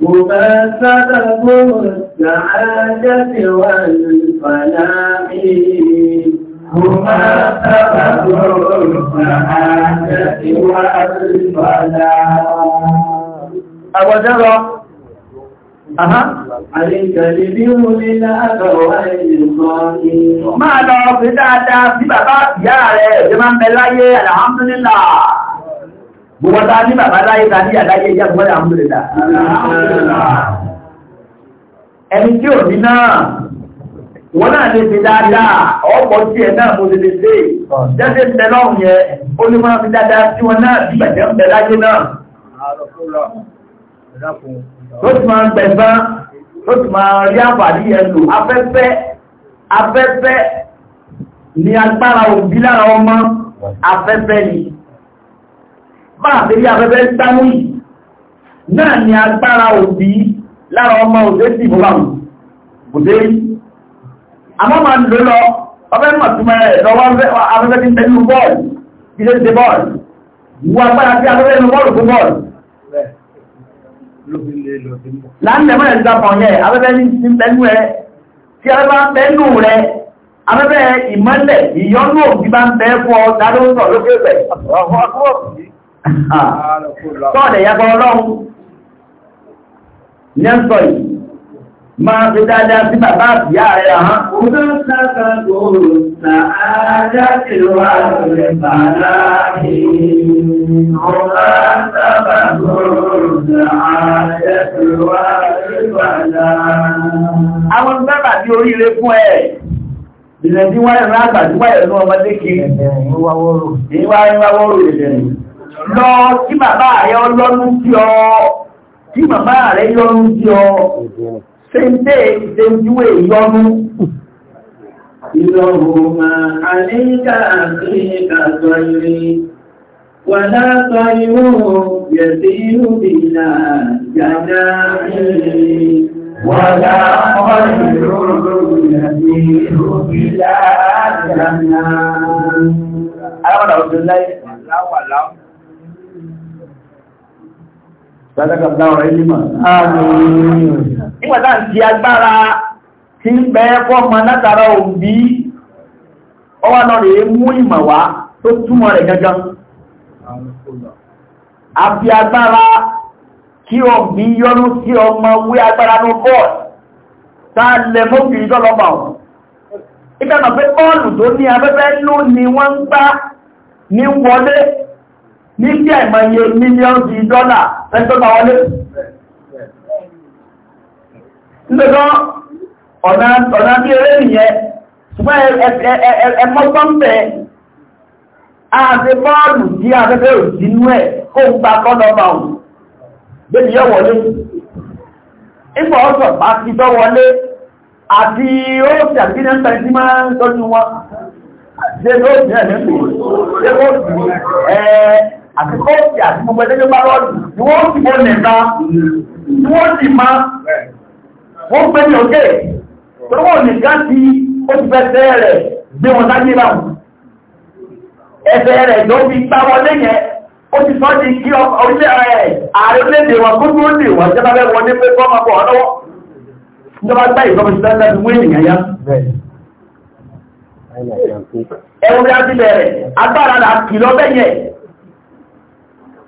مباسرة السعادة والفلاح هما سبب السعادة والفلاح أبو جرى أها عليك لبيو للأبوين صالح ما لو في دادا في بابا يا رب من بلاي الحمد لله gbogbo ta ní bàbá láyé ta ní àdáyé ìyá gbọ́dọ̀ àmúlẹ̀dà ẹni tí ò ní náà wọ́n náà lè fi dáadáa ọ̀pọ̀ tí ẹ̀ náà mo lè lè dé jẹ́sẹ̀ ń tẹ́lọ́ yẹn ó ní wọ́n fi dáadáa tí wọ́n náà bí gbẹ̀jẹ̀ ń bẹ láyé náà tó ti máa ń gbẹ̀gbọ́n tó ti máa rí àǹfààní yẹn lò afẹ́fẹ́ afẹ́fẹ́ ni agbára òbí lára ọmọ afẹ́fẹ́ ni bá àbẹ́rí afẹ́fẹ́ ń dámú yìí náà ni agbára òbí lára ọmọ òdésì ìbúbàmù òdérí àmọ́ ma ń lò lọ ọfẹ́ mọ̀ tí mẹ́rẹ̀ lọ́wọ́ afẹ́fẹ́ tí ń tẹ́lú bọ́ọ̀lù ilé ti bọ́ọ̀lù wọ agbára tí afẹ́fẹ́ ń bọ́ọ̀lù fún bọ́ọ̀lù láńlẹ̀ mọ́ ẹ̀dá kan yẹ afẹ́fẹ́ ń tẹ́lú rẹ tí afẹ́fẹ́ ń tẹ́lú rẹ afẹ́fẹ́ ìmọ́lẹ̀ ìyọ́nú òbí bá ń tẹ́ Tọ́ọ̀dẹ̀ yàgbọ́ ọlọ́run ní ń sọ yìí, máa fi dáadáa sí bàbá àtìyá rẹ̀ àhán. Oúnjẹ sáfà gbòòrò sàádá ti wà rẹ̀ bàlá ìrìn. Ọlá sáfà gbòòrò sàádá ti wà rẹ̀ bàlá. Àwọn bẹ́bà tí oríire fún ẹ̀. Ìrìn tí wáyé rán àgbà tí wáyé rán ọmọdé kiri. Ìwà wọ́rò. Ìwà wọ́rò ìrìn lọ kí bàbá rẹ ọlọ́nu sí ọ kí bàbá rẹ yọnu sí ọ ṣe ń dé ìdéjúwé ìyọnu ìlọ́hùnmá àníkà àti àtọ̀rí wàlá tọ́yú yẹ̀sí ìrúbìnà jàdá ìrìn wàlá tọ́yú yẹ̀sí ìrúbìnà jàdá Àwọn ọ̀dọ́ láyé, láwà láwà. Sàdákàtà ọ̀rẹ́ límọ̀. Nígbàtà ti agbára tí ń bẹ fọ́mọ látara òbí, ọwá lọ rẹ̀ mú ìmọ̀ wá tó túmọ̀ rẹ̀ gangan. A fi agbára kí òbí yọ́nú sí ọmọ wí agbára ní bọ́ọ̀lù, táà lẹ mọ́bìnrin tọ́lọ́mọ̀. Ìgbàtà pé bọ́ọ̀lù tó ní abẹ́fẹ́ ló ni wọ́n ń gbá ní wọlé ní kí àìmọye mílíọ̀nù dọ́là ẹgbẹ́ bá wọlé. Nígbẹ́gbọ́ ọ̀nà bí eré nìyẹn, ṣùgbọ́n ẹmọ́gbọ́nbẹ̀ àti bọ́ọ̀lù tí afẹ́fẹ́ ò sí inú ẹ̀ kó ń gba kọ́lọ́bà òun. Bébí yọ wọlé. Ìfọ̀ ọ̀sọ̀ àti tọ́ wọlé àti ó ṣàbí náà tẹ̀lé tí máa ń tọ́jú wọn àti kọ́ọ̀tì àti gbogbo ẹgbẹ́ bá lọ́dún ni wọ́n ti mọ́ nẹ̀ta ni wọ́n ti máa wọ́n pẹ́ ní òkè tó wọ́n nìkan ti ó ti fẹ́ fẹ́ rẹ̀ gbé wọn láyé láwọn ẹsẹ̀ rẹ̀ ló fi gbá wọlé yẹn ó ti sọ́ di kí orílẹ̀ ààrẹ orílẹ̀-èdè wọn kó dúró lè wọ́n jẹ́ bá fẹ́ wọlé pé kọ́ máa bọ̀ ọ́ lọ́wọ́ ìjọba gbá ìjọba ìṣẹ́ láti wé ènìyàn yá ẹ̀wọ̀n bí a ti bẹ̀rẹ̀ agbára là kìlọ́ bẹ́yẹn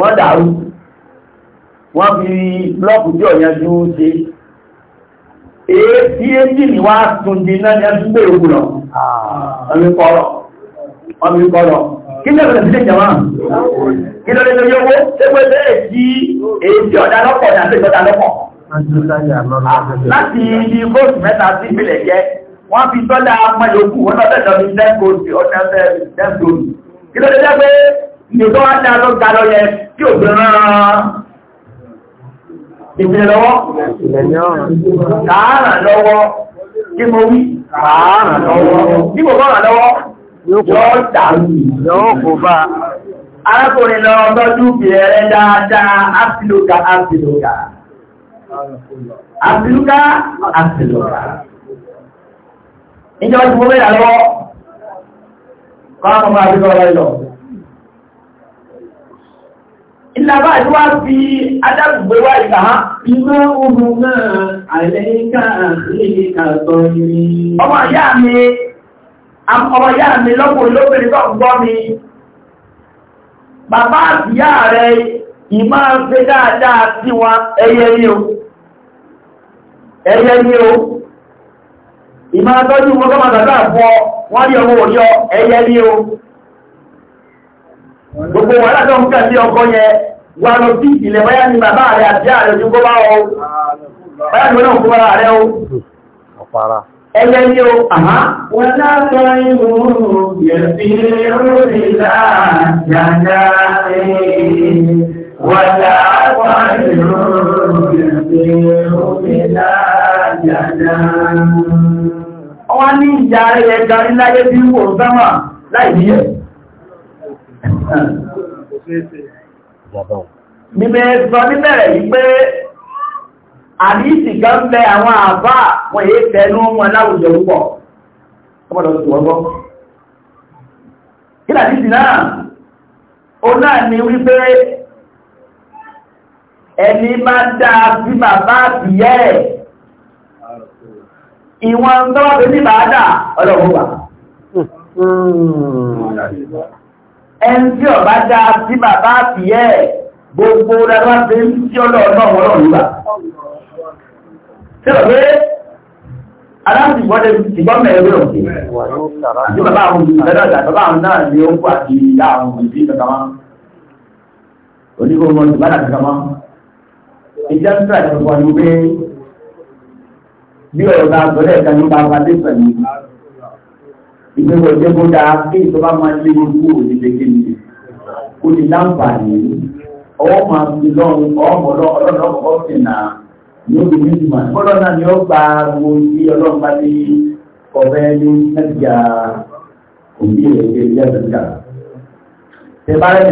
wọ́n dàrú wọ́n fi blọ́ọ̀kù tí ọ̀yanjú ṣe èé tí éjìnì wá túnjì náà ní ah. ẹjú pé òkú lọ ọmọkọ̀ọ̀rọ̀ kí ní ọ̀rẹ́ sílẹ̀ jẹ̀wọ́n kí lọ́rẹ́ lórí owó tẹ́gbẹ́ bẹ́ẹ̀ tí èé tí ọ̀dá lọ́pọ̀ ní àti ìjọta lọ́pọ̀ láti ibi góòsù mẹ́ta sí ìpínlẹ̀ jẹ́ wọ́n fi tọ́lá mọ́ yòókù wọn lọ́tẹ̀ẹ́jọ́ ní dẹ́kọ̀ọ́sì ọ̀dẹ́fẹ́ dẹ́kọ̀ọ́sì kí lọ́rẹ́ ìgbẹ́ wá dá ló ga lọ yẹ kí ò fi rán ìpìlẹ̀ lọ́wọ́ tààrà lọ́wọ́ kí mo wí tààrà lọ́wọ́ kí mo bọ́rà lọ́wọ́ yóò dà yóò kò bá arákùnrin lọ tọ́jú bẹ̀rẹ̀ dáadáa áfìlóga áfìlóga áfìlóga áfìlóga ìjọba ti mo bẹ̀rẹ̀ lọ́wọ́ kọ́ ìlàbá ìwá fi adágbùgbé wá ìgbà ha. Iná ohun náà àlẹ́ríkà àti àtọ́ ìrì. Ọmọ ìyá mi, ọmọ ìyá mi lọ́pọ̀ lóbìnrin tó gbọ́ mi. Bàbá àtìyá rẹ̀ ìmá fẹ́ dáadáa sí wọn ẹyẹ ní o. Ẹyẹ ní o. Ìmá tọ́jú wọn gbogbo wàhálà tó ń kà sí ọkọ yẹn wà lọ sí ìpìlẹ̀ báyà ní bàbá rẹ àti ààrẹ ojú kó bá ọ báyà ní ọlọ́run kó bá rẹ o ẹgbẹ́ ní o àmá wọn látọ́ ìlú yẹ̀fí rúrìlá yàjá Wọ́n látọ́ ìlú yẹ̀fí rúrìlá yàjá Ọwá ní ìjà rẹ̀ ẹ̀gà níláyé bí wò sánmà láì níyẹ̀. Níbi ẹ̀sọ́ níbẹ̀rẹ̀ yìí pé àdíìsì kan bẹ àwọn àbá wọn èé tẹnu wọn láwùjọ púpọ̀. Ọmọdé ti wọ́n Kí náà? o náà ni wípé ẹni máa dáa sí bàbá ẹni tí ọba dá sí bàbá àtìyẹ́ ẹ̀ gbogbo dára ṣe ń tí ọlọ́ọ̀nà ọ̀rọ̀ nígbà tí ọ̀gbẹ́ aláǹtì gbọ́dẹ̀ ìgbọ́n mẹ́rin ló ń ké àti bàbá àwọn olùdarí ọ̀dà bàbá àwọn náà ni ó ń kó àti ìyá àwọn ìbí kankanmá onígbòmọ̀ ìbádà kankanmá ìjà ń tẹ̀lé ọ̀pọ̀ ni pé bí ọ̀rọ̀ ìgbẹ́gbẹ́ jẹ́ kó dáa kí ìjọba máa lé ikú òdìdè kí ni kò ní láǹfààní ọwọ́ máa fi lọ́run ọmọ ọlọ́run ọkọ̀ ọ̀sìnà ní obì ní ìgbìmọ̀ ìfọ́lọ́ náà ni ó gba gbogbo tí ọlọ́run bá ní ọ̀bẹ ní mẹ́tìyà òbí ẹ̀jẹ̀ ìjẹ́ ìjọba. tẹ̀bárẹ́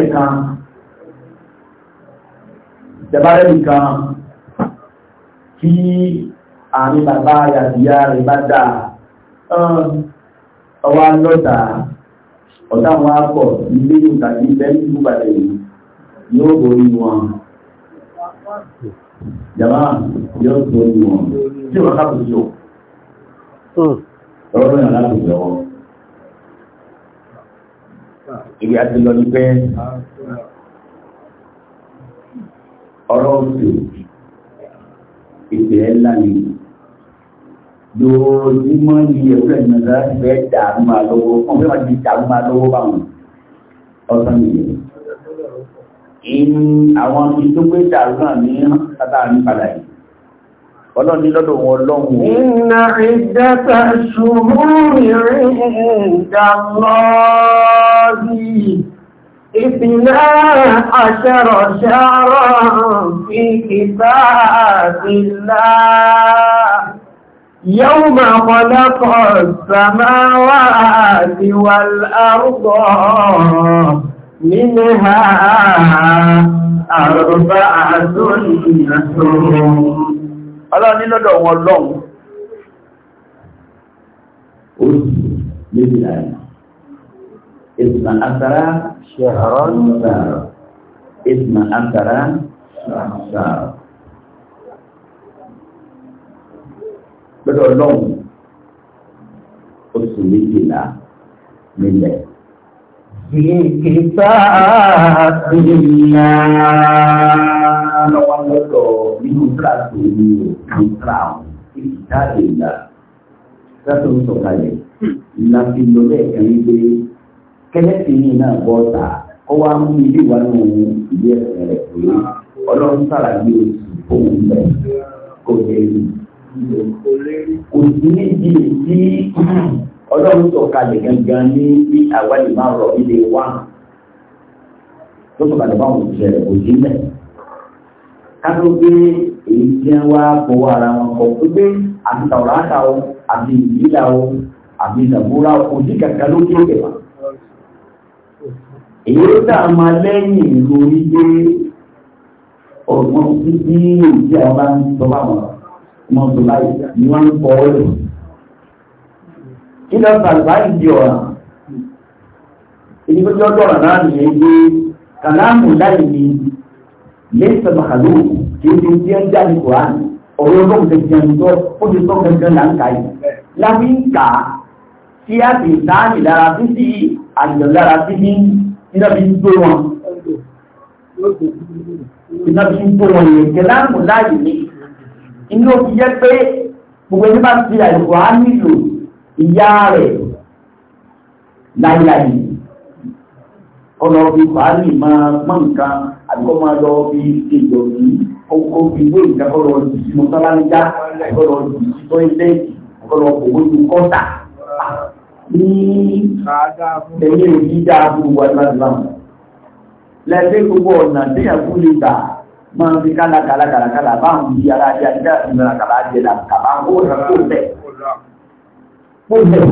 tẹ̀bárẹ́ nìkan kí àmì bàbá àyàdìyà rẹ̀ bá dáa ọwá lọ́ta ọ̀tá wọn akọ̀ ilé ìgbà ní bẹ́ẹ̀ ní ìbàdàn yìí yóò borí wọn jàmá yóò borí wọn tí wọn kà bùjọ ọ̀rọ̀ yàrá bùjọ wọn. ìwé àti lọ ní pé ọ̀rọ̀ òsè ìpìlẹ̀ ńlá nìyí lójúmọ́ ní ẹ̀wúrẹ́ ìmọ̀lá fẹ́ dàrú máa lọ́wọ́ fún fẹ́ máa ti dàrú máa lọ́wọ́ báwọn ọ̀sán nìyẹn. ìní àwọn ibi tó gbé dàrú náà ní tata ní padà yìí. ọlọ́run ní lọ́dọ̀ wọn lọ́hùn. iná ìdẹ́ta ṣubú ìrìn ìdàlọ́ọ̀dì ìbílẹ̀ àṣẹrọ̀ ṣẹ́rọ̀ fi kìtà يوم خلق السماوات والأرض منها أربعة نسوم Ọlọ́run ní lọ́dọ̀ wọn lọ́wọ́. Oṣù méjìlá ẹ̀. Ìsìnà àtàrà ṣẹ̀rọ̀ ń sàárọ̀. Ìsìnà àtàrà ṣàrọ̀. lọ́dọ̀ lọ́hùn oṣù méjìlá nílẹ̀. Ìkìtà àtìyà. Lọ́wọ́ lọ́dọ̀ nínú tíráàtì ní òkú tíráàtì ìkìtà ìlà. Tíráàtì ń sọ̀kalẹ̀. Ìlà fi lọ lẹ́ẹ̀kan wípé kẹ́lẹ́sì ní iná bọ́ta ó wá mú ilé wa nù ilé ẹ̀sìn rẹ̀ pé ọlọ́run sára gbé oṣù fóun bẹ̀ kó dé ìlú kò sí níbi tí ọlọ́run tó kalẹ̀ gangan ní bí àwárí máa rọ̀ ilé wa tó tó kalẹ̀ báwọn òṣìṣẹ́ rẹ̀ kò sí mẹ́. kátó pé èyí tí wọ́n wá bo ara wọn kọ tó pé àti tàwọ̀ráta o àti ìbílà o àti ìdàbúrà o kò sí kankan ló kí ó kẹwà. èyí tá a máa lẹ́yìn ìròyìn pé ọ̀gbọ́n títí òjì àwọn bá ń sọ báwọn mọ́tò láì ní wọ́n ń kọ́ ọ́lù. kí lọ́pàá àgbáyé di ọ̀ràn ìdíbójú ọjọ́ ọ̀ràn náà nìyẹn gbé kàlámù láì ní lẹ́sẹ̀ màkàlù kì í fi ń jẹ́ ń jáde kò án ọ̀rọ̀ ọlọ́run ti jẹun tó ó ti tọ́ gangan là ń kà yìí. wọn. ìgbà bí ń gbé ní inú ó fi jẹ́ pé gbogbo ẹni bá ti àìkò á nílò ìyá rẹ̀ láyàyè ọ̀nà ọ̀fi fàálì máa mọ́ nǹkan àbíkọ́ máa lọ fi ṣèjọ sí ó fi wé nǹkan kọ́ lọ sí sínú sáláníjá kọ́ lọ sí sí tọ́ilẹ̀ kọ́ lọ kò wójú kọ́tà ní ẹ̀yẹ́ òbí dáa fún wa lẹ́gbẹ́ gbogbo ọ̀nà téèyàn fún lè gbà máa fi kálá kálá kálá kálá bá ń bí ara jẹ́ àti dáàbí mẹ́ra kálá jẹ́ là kàbá ń kó rẹ̀ kó bẹ̀. Kó bẹ̀.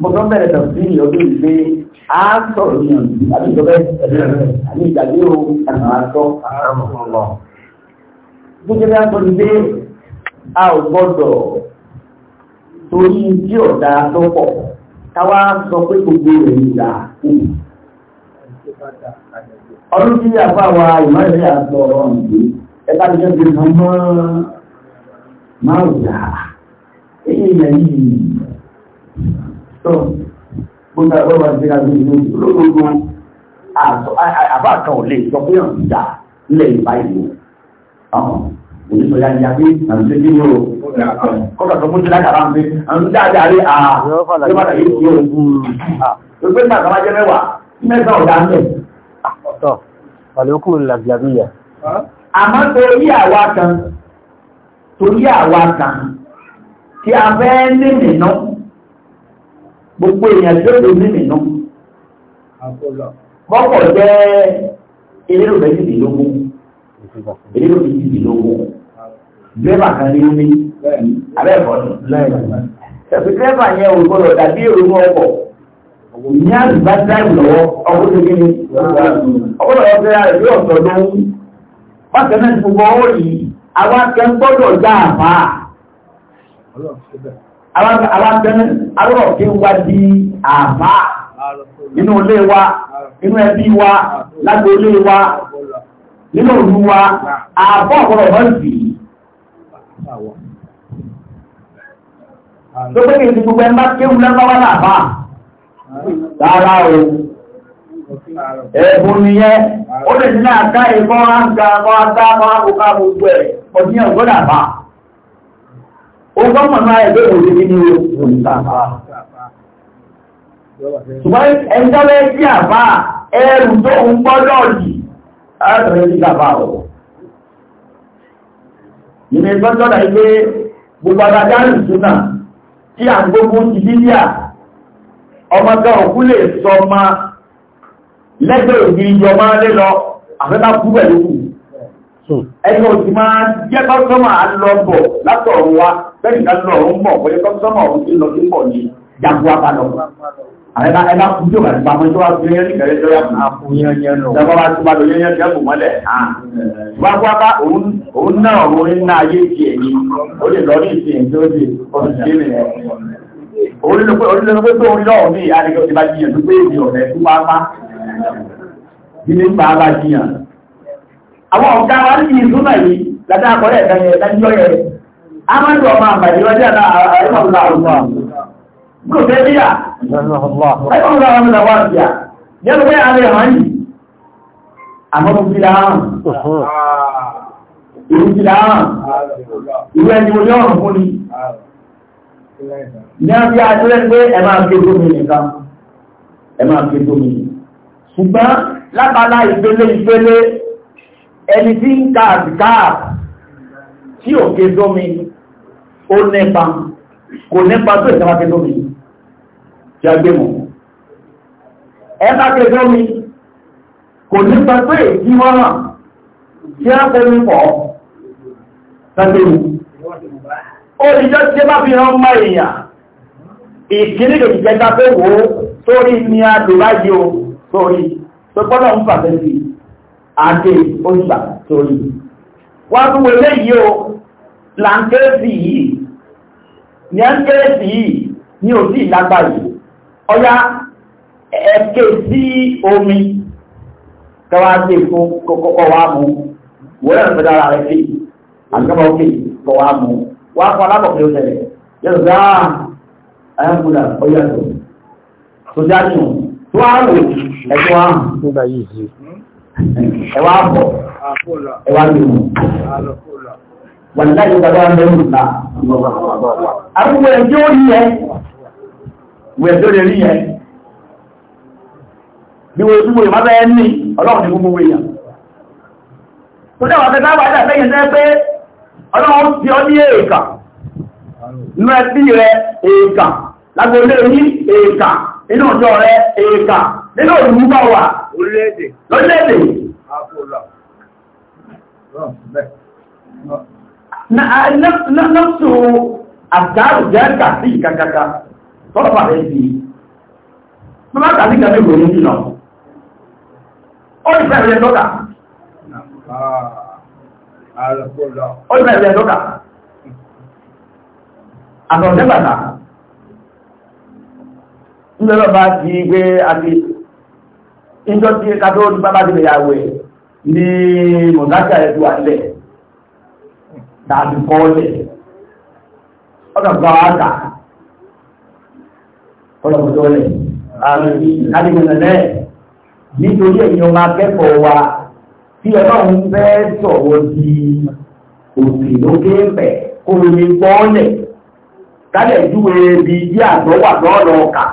Mo tọ́ bẹ̀rẹ̀ tọ̀ sí ọdún ìgbé á sọ̀rọ̀ ní ọ̀dún àbí ìjọba àbí ìgbàgbé o àná àtọ́. Gbogbo ọdún tí àpá wa ìmọ̀lẹ́ àtọ̀ ọ̀rọ̀ ǹdí ẹ̀ka tó jẹ́ mọ́ máa wù yá èyí ilẹ̀ yìí tó gbogbo àwọn ọmọ ìgbéra ní ìlú olóògbé àbá kan ò lè sọ pé hàn ìjà nílẹ̀ ìbá ìlú ọ̀hún oníṣòwò yá ìyá pé àǹtí ní o kọ́kà tó kún sí lákàrà ń pé àǹtí dáadáa rí àà ló bá tàbí ìṣòro tọ̀ ọ̀lẹ́kùn làgbàbíyà. àmọ́ torí àwa kan torí àwa kan tí a fẹ́ nìmìnà gbogbo èèyàn tí ó lè nìmìnà mọ́kọ̀ jẹ́ elérò méjìdínlógún elérò méjìdínlógún dírẹ́bà kan ní omi abẹ́ẹ̀kọ́ ní ẹ̀fẹ́ dírẹ́bà yẹn ò gbọ́dọ̀ dàbí èrò ọkọ̀ ní àgbà dáìbù lọ́wọ́ ọkọ̀ tó kéde ọ̀pọ̀lọpọ̀ ọ̀fẹ́ ìlú ọ̀sọ̀ ló ń bákan náà gbogbo ọwọ́ yìí àwọn akẹ́ gbọ́dọ̀ já àbá àwọn akẹ́ alọ́rọ̀ kí wá di àbá nínú ilé wa nínú ẹbí wa lágbo ilé wa nínú òru wa àbọ̀ ọ̀pọ̀lọpọ̀ ọ̀hún sí tó pé kí n ti gbogbo ẹ láàbá rárá o. Ẹ̀bùn nìyẹn, ó lè ní àká ìkọ́ áńgá àkọ́ta àkọ́kọ́ gbogbo ẹ̀, ọdíyàn gbọ́dà bá. Ó gbọ́mọ̀ náà ẹgbẹ́ òde nínú òǹtà bá. Ṣùgbọ́n ẹjọ́lẹ́ sí àbá ẹrù tó ń gbọ́dọ̀ yìí, ààrẹ sí bàbá ọ̀. Ìmẹ̀ gbọ́dọ̀ ilé gbogbo àgbàdárì súnà tí ọmọdé òkú lè sọ máa lẹ́gbẹ̀ẹ́ òbí yọ máa lé lọ àfẹ́bá kú pẹ̀lú kù ẹgbẹ́ òsì máa jẹ́ kọ́sọ́mà lọ́bọ̀ látọ̀run wa bẹ́ẹ̀ nìkan lọ ọ̀run bọ̀ pẹ̀lú kọ́sọ́mà ọ̀run tí lọ sí pọ̀ ní jagun abalọ̀ àfẹ́bá ẹbá kú tó kàtí pamọ́ tó wá fi yẹn nìkẹ́rẹ́ tó yà fún àfúnyẹnyẹn lọ ṣẹ́fọ́ bá tó bá lọ yẹnyẹn jẹ́ kò mọ́lẹ̀ ìwáwá bá òun náà òun ní ayé ti ẹ̀yìn ó lè lọ ní ìsìn tó ti ọdún sí ilẹ̀ orílẹ̀-èdè tó ń lọ́ọ̀ ní àdìgbò ti tó pé èdè ọ̀rẹ́ tó bá máa ilé ń bá bá jiyàn àwọn ọ̀gá wa ní ìsúná yìí látà àkọlẹ̀ ìtàyẹ̀ ìdájọ́ yẹ amadu ọmọ àbàdì wájú àtàkùnlá àrùnmọ́ gbọ́dọ̀ fẹ́ bíyà ẹgbọ́nlá wọn lọ wá bíyà ní ẹgbẹ́ pé ààrẹ hàn yìí àmọ́bù fìlà hàn ìlú fìlà hàn ìlú ẹni orí ọ̀rùn fún ni ní a bí a tó lẹ́ pé ẹ máa fi gómìnì kan ẹ máa fi gómìnì ṣùgbọ́n lábala ìgbélé ìgbélé ẹni tí ń ka àdìkáà tí òkè dómi ó nípa kò nípa tó ìjọba ké dómi tí a gbé mọ̀ ẹ̀ta ké dómi kò nípa tó ìjíwọ́nà tí a fẹ́ ní pọ̀ tẹ́lẹ̀mù olùjọ́ tí bá fi hàn mọ́ èèyàn ìkíníkèjì jẹta fẹ́ wò ó torí ni a lò láyé o sórí tó gbọ́dọ̀ ń fàṣẹ sí àdé oṣà sórí. wá tún wo eléyìí o làǹkẹ́sì yìí yàǹkẹ́sì yìí ni ò sí ìlágbàyè ọ̀yá ẹ̀kẹ́ sí omi kẹwàá sí fún kọ́kọ́ wa mú wọ́n yẹn fẹ́dára rẹ̀ sí àgbẹ̀mọ̀ òkè kọ́ wa mú wá fún alábọ̀kẹ́ ó tẹ̀lẹ̀ yẹ́n sọ ààrùn ayáǹkúlà ọ̀yá tó tó dájú tó àrùn ẹ̀kọ́ àrùn nígbà yìí sí ẹwà àpọ̀ ẹwà nínú wọ́n láyé bàbá mẹ́rin nà àbúgbò ẹjọ́ orí ẹ wẹ̀ẹ́dọ́ lè rí ẹ bí wọ́n tí mo yìí má bẹ́ẹ̀ ní ọlọ́run ní gbogbo èèyàn tó dáwà fẹ́ táwà dà fẹ́yìn tẹ́ pé ọlọ́run ti ọ ní èèkà inú ẹbí rẹ èèkà lágbo lè rí èèkà inú ọjọ́ rẹ èèkà nínú òní bá wà lórílẹ̀-èdè nọ́ọ̀sù àtàrù jẹ́ kàtí ìkàkàkà tọ́lọ̀pàá rẹ̀ sí mọ́lá kàtí kàtí ìròyìn jùlọ ó ìfẹ́ ìrẹ́ tọ́ka ó ìfẹ́ ìrẹ́ tọ́ka àtọ̀jẹ́ bàtà ń lọ́lọ́ bá ti gbé àti ìjọ tí kàtó ní bábá ti bẹ̀yàwó ẹ̀ ní mọ̀gáṣà ẹ̀ tó wà lẹ̀ tàbí kọ́ọ̀lẹ̀ ọ̀dọ̀gbà àtà ọlọ́pọ̀tọ́lẹ̀ àrẹ̀lẹ̀ nítorí èyàn máa kẹ́kọ̀ọ́ wa tí ọlọ́run fẹ́ sọ̀wọ́ di òsì lókè pẹ̀ kó lè gbọ́ọ̀lẹ̀ kálẹ̀ júwe bí bí àgbọ́wà lọ́ọ̀lọ́ọ̀kà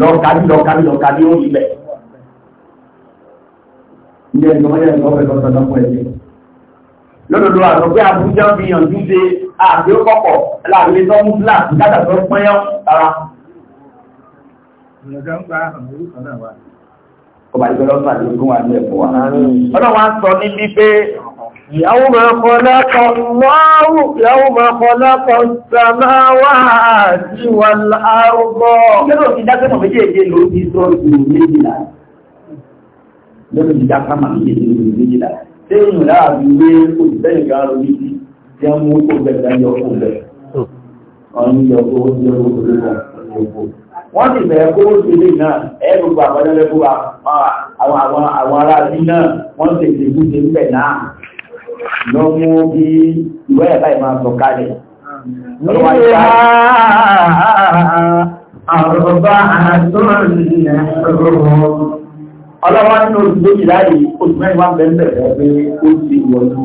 lọ́ọ̀kà bí lọ́ọ̀kà ó rí ilé ẹjọ́ mọ́jẹ́ ìgbọ́fẹ́ lọ́sọ̀lọ́pọ̀ ẹ̀jẹ̀ lọ́dọ̀dọ̀ àtọ́ pé àbújá fi yànjú ṣe àbí ó kọ́kọ̀ láàrin tó ń blá dáadáa tó ń pọ́nyán tara ọba ìgbẹ́lọ́pàá ló gún wa ní ẹ̀kọ́ wa ọ̀dọ̀ wa ń sọ níbi pé يوم خلق الله يوم خلق السماوات والأرض Kí ló ti dákẹ́ mọ̀ méjèèjì ló ti sọ́rọ̀ lórí ìjà kámà méjèèjì lórí méjìlá téèyàn láàbí wé olùsẹ́yìn kan lórí sí tí wọ́n mú kó bẹ̀rẹ̀ yọ kó bẹ̀rẹ̀ ọ̀run yọ kó yọ kó lórí kan yọ kó. wọ́n sì bẹ̀rẹ̀ kó ó ṣe lè náà ẹ gbogbo àpẹẹrẹ fún wa àwọn àwọn àwọn ará bí náà wọ́n sì ti bú ṣe ń bẹ̀ náà lọ mú bí ìwé ẹ̀ báyìí máa sọ kalẹ̀. Àrùbá àtúnṣe ọlọ́wọ́ nínú oṣù méjì láàyè oṣù mẹ́rin wá bẹ́ẹ̀ bẹ̀rẹ̀ pé ó ti wọ̀ ní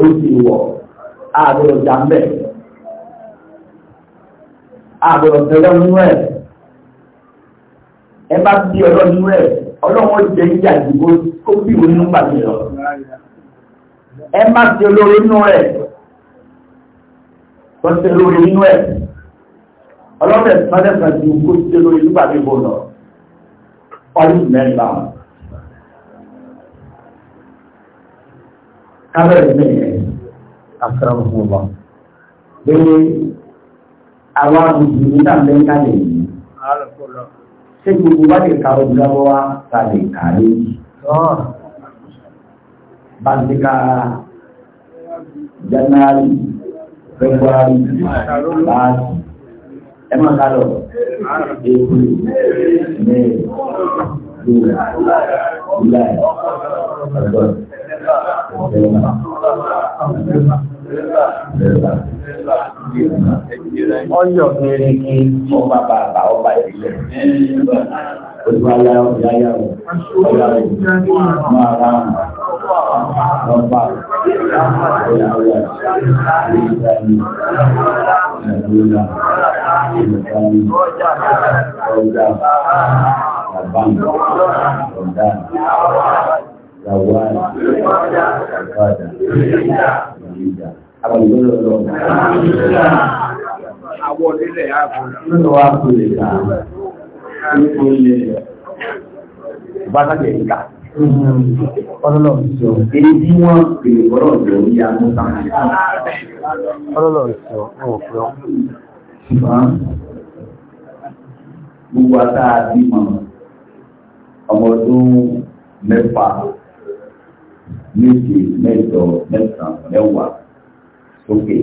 ó ti wọ̀ àbúrò jàmbẹ̀ àbúrò tẹ̀lé nínú ẹ̀ ẹ bá bí ọlọ́ nínú ẹ̀ ọlọ́wọ́ jẹ́ ìyá ìdìbò kó bí ìwé nínú pàdé lọ ẹ má ti olórí nínú ẹ̀ tọ́sí olórí nínú ẹ̀ ọlọ́fẹ̀ẹ́ tọ́lẹ́sàn ti kó sí olórí nígbà bí ìbò náà ọdún mẹ́rin báwọn. ini ní ẹ̀ àkàràmù fún ọba pé àwọn àbùsùn nígbà mẹ́ta lè yí ṣé gbogbo wá lè ka ọdún lọ́wọ́ ẹ máa ká lọ èkó mẹ́rin jùlọ july ọgbọ́n ẹgbẹ̀rún ẹgbẹ̀rún ẹgbẹ̀rún. Ọyọ̀ kiri kí ọba bàbá ọba ìbílẹ̀. Olúwa ya ọ̀yá ya ọ̀. Ọ̀yá rẹ̀ máa ra ọba ọ̀yá ọ̀yá ìgbàlè ìgbàlè ọjà àbámu ọ̀dà yàwá ìgbàlè ìgbàlè ìgbàlè àbùdó lọ́lọ́. Àwọ̀ nílẹ̀ ààbò. Nínú wa kò lè gbà nípo ilé bátàkì ẹ̀ka. Ọlọ́lọ́ sọ. Èyí tí wọ́n bèèrè bọ́lọ̀ jọ ní àmúta. Ọlọ́lọ́ sọ, wọn ò fẹ́ ọ́. Ṣùgbọ́n gbogbo ata bímọ ọmọ ọdún mẹ́fà méje mẹ́jọ mẹ́sàn mẹ́wàá òkè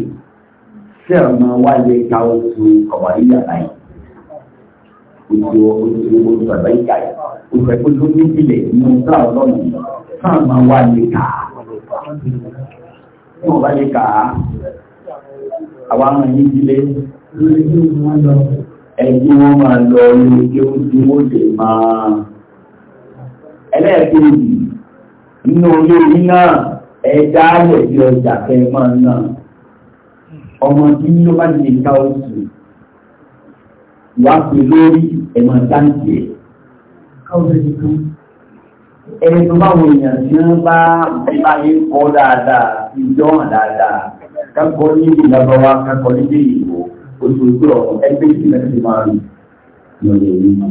tí ọ̀nà wáyé ká oṣù ọ̀wà yíyà báyìí oṣù oṣù oṣù ọ̀dọ́ ìjà yìí oṣù ẹ̀kọ́ tó ní ìpìlẹ̀ ní ọ̀dọ́ ọlọ́run ká ọ̀nà wáyé ká tí wọ́n bá lè àwa máa ní ìdílé ẹ̀jú wọn máa lọ orí kí ó ti máa ẹlẹ́ẹ̀kejì nínú orí orí náà ẹ̀dá ayẹ̀ bí ọjà kẹ́ máa náà ọmọ tí ló bá ti ká oṣù wá pè lórí ẹ̀mọ̀ táǹkì ẹ̀. káwọ́sẹ̀sì kan ẹni tó bá wọn èèyàn tí wọ́n bá bá yín kọ́ dáadáa ìjọ hàn dáadáa kákọ́ ní ìlàbọ̀wá kákọ́ ní ilé ìwò oṣù tó ọ̀ ẹgbẹ́ tí wọ́n máa rí lọ́lẹ̀ yìí.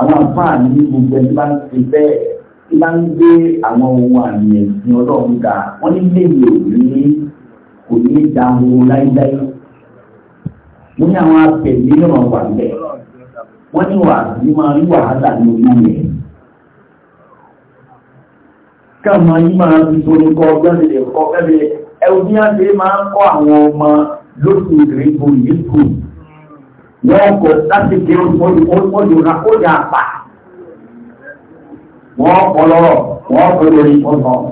àwọn àfáà ní gbogbo ẹni bá ń ti bẹ́ẹ̀ tí bá ń gbé àwọn ohun àmì ẹ̀sìn ọlọ́run ga wọ́n ní ilé ìwé òní kò ní ìdáhùn láíláí mo ní àwọn abẹ̀mí náà wà lẹ̀ wọ́n ní wà ní máa rí wàhálà ní orí rẹ̀ káàmù ayé máa fi torí kọ́ gbẹ́lẹ̀ kọ́ gbẹ́lẹ̀ ẹ̀wù ní àti máa ń kọ́ àwọn ọmọ lóṣù ìrìnbó yìí kù wọ́n kọ́ láti gbé ọdún náà kó dà pa wọ́n kọ́ lọ́rọ̀ wọ́n kọ́ lórí ọ̀sán.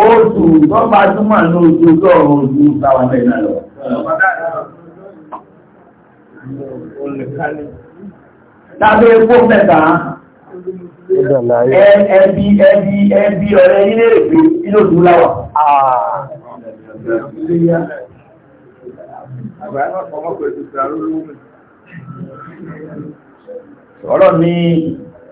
Oṣù tó bá túmọ̀ ní oṣù tó ọ̀rọ̀ oṣù táwà mẹ́rin náà lọ. Tàbí epo mẹ́ta, ẹbí ẹbí ẹbí ọ̀rẹ́ ilé rèpé ilé oṣù láwà. Ọlọ́ni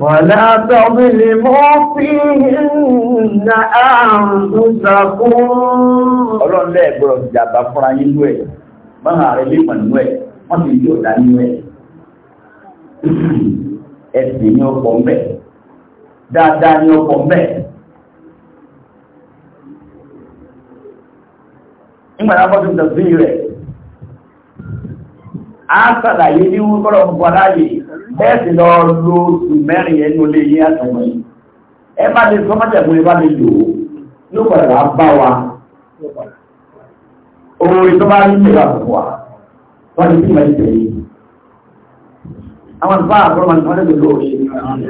ولا تظلموا فيهن أنفسكم Ọlọ́run lẹ́ẹ̀gbọ́rọ̀ ìjàmbá fúnra yín lú ẹ̀, máa rẹ̀ lè mọ̀ nínú ẹ̀, wọ́n ti yóò dá nínú ẹ̀. Ẹ̀sìn ní ọkọ̀ mẹ́, dáadáa ní ọkọ̀ mẹ́. Ìgbàlá bọ́dún tẹ̀sí rẹ̀, á sàlàyé ní wọ́n kọ́rọ̀ ń bẹ́ẹ̀sì lọ lo oṣù mẹ́rin ẹnu lè yí àtàwọn yìí ẹ bá lè sọ mọ́jẹ̀mú ẹ bá lè lò ó yóò padà wá wa orí tó bá rí ìlú àbùkù wa wọ́n ti fi mẹ́rin tẹ̀lé àwọn ìfọ́ àbúrò wọn lè lò ó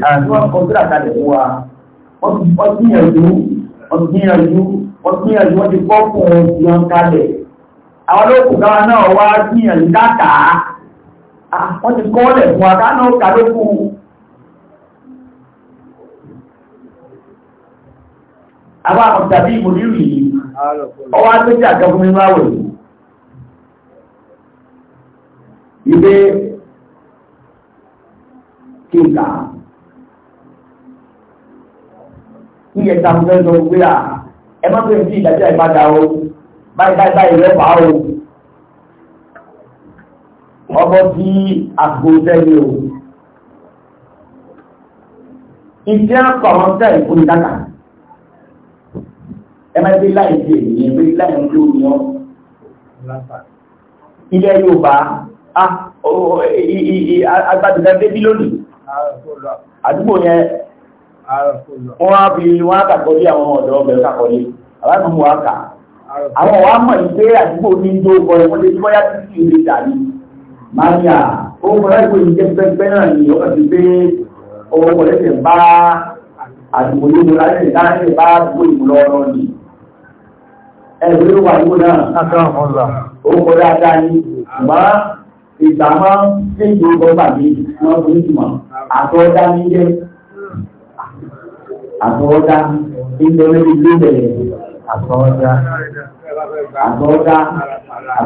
àti wọn kọ sílà kalẹ̀ fún wa wọ́n gbìyànjú wọ́n gbìyànjú wọ́n ti kọ́ fún wọn kalẹ̀ àwọn olókùnkà náà wá gbìyànjú dákàá Ah, wọ́n ti kọ́ lẹ̀ fún àkánà kàlókù àwọn àmọ̀tàbí ìmòlírù yìí ọwá tó jẹ́ àjọkùn nínú àwẹ̀ ìgbé kíkà ní ẹ̀ta fún ẹ̀sọ̀ gbé à ẹmọ́ pé ní ìdájọ́ ìpadà o báyìí báyìí lẹ́pàá o ọbọ̀ bí agbóntẹ́ni o ìfẹ́ àkọ̀ọ̀tẹ́ ìfúndáka ẹmẹ́bí láìsí ènìyàn bí láìsí òmìnira ilẹ̀ Yorùbá agbádùgbà débí lónìí àdúgbò yẹn wọ́n á fi wọ́n á kàkọ́lé àwọn ọ̀dọ́ ọbẹ̀ kàkọ́lé àwọn ọmọ wa kà àwọn wa mọ̀ ìgbé àdúgbò ní ìjọ ọkọ̀ ẹ̀wọ́n lè tí wọ́n yá sí ìrìn dàbí Màríà, ó mọ́ra ìpò ìjẹ́ pẹ́pẹ́ náà ni ó kàfi pé ọwọ́ wọlé tẹ̀ bá àdìmòye mọ́ra tẹ̀ dáhẹ́ bá gbó ìmúlọ ọ̀rọ̀ ni. Ẹgbẹ́ ló wà ní náà. Akan ọ̀la. Ó kọ́ dáadáa ni, ṣùgbọ́n ìgbà máa ń tẹ̀lé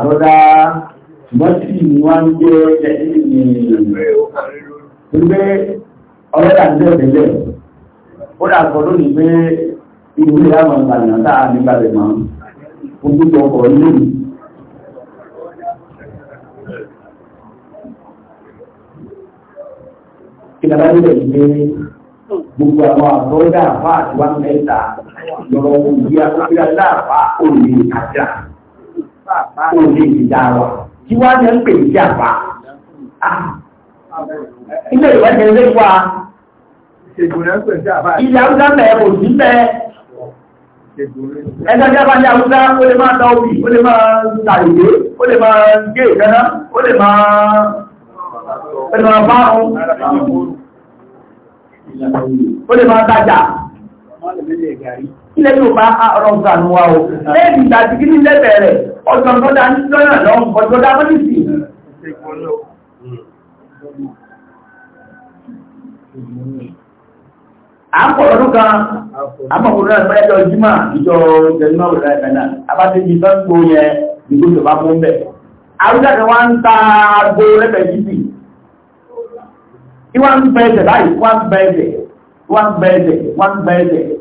ọgbà Bọ́tí wá ń jẹ́ ẹgbẹ́ ọlọ́dà ń tẹ̀lẹ̀. Ó dà kọ́ lónìí pé ìlú ìyá àwọn ìgbàlẹ̀ náà nígbà rẹ̀ máa ń gbogbo ọkọ̀ ilé mi. Ìjọba nílẹ̀ ìgbé gbogbo àwọn àtọ́jà àfá àti wá mẹ́ta lọ́rọ̀ òbí akókíra láàfá òní àjà òní ìdáwà kí wá ní ń pè ní àpá ilé ìwé ṣe lé wa ilé haúsá mẹ́ẹ̀ kò sí mẹ́ẹ̀ ẹgbẹ́ tí bá ní haúsá ó lè máa tọ́wọ́ bí ó lè máa tàìwé ó lè máa gé ìdáná ó lè máa ó ó lè máa tajà ilẹ̀ yóò bá ọ̀rọ̀ gànú wa o lẹ́ẹ̀dì ìgbà tí kí ní lẹ́bẹ̀ẹ̀rẹ̀ ọjọ́ tọ́dá ní lọ́nà lọ́wọ́ ọjọ́ dábọ́ ní sí àpọ̀lọ́dún kan àpọ̀lọ́dún kan pẹ́lẹ́jọ jímọ̀ ìjọ ìjẹ̀lúmọ̀ òṣèrè ẹ̀fẹ̀nà abájẹ́jì tó ń gbó yẹ ìgbó tó bá fún bẹ̀. àrújáde wá ń ta agbó lẹ́fẹ̀ títì ìwọ́n ń bẹ̀ẹ̀dẹ̀ báyìí wọ́n ń bẹ̀ẹ̀dẹ̀ wọ́n ń bẹ̀ẹ̀dẹ̀ wọ́n ń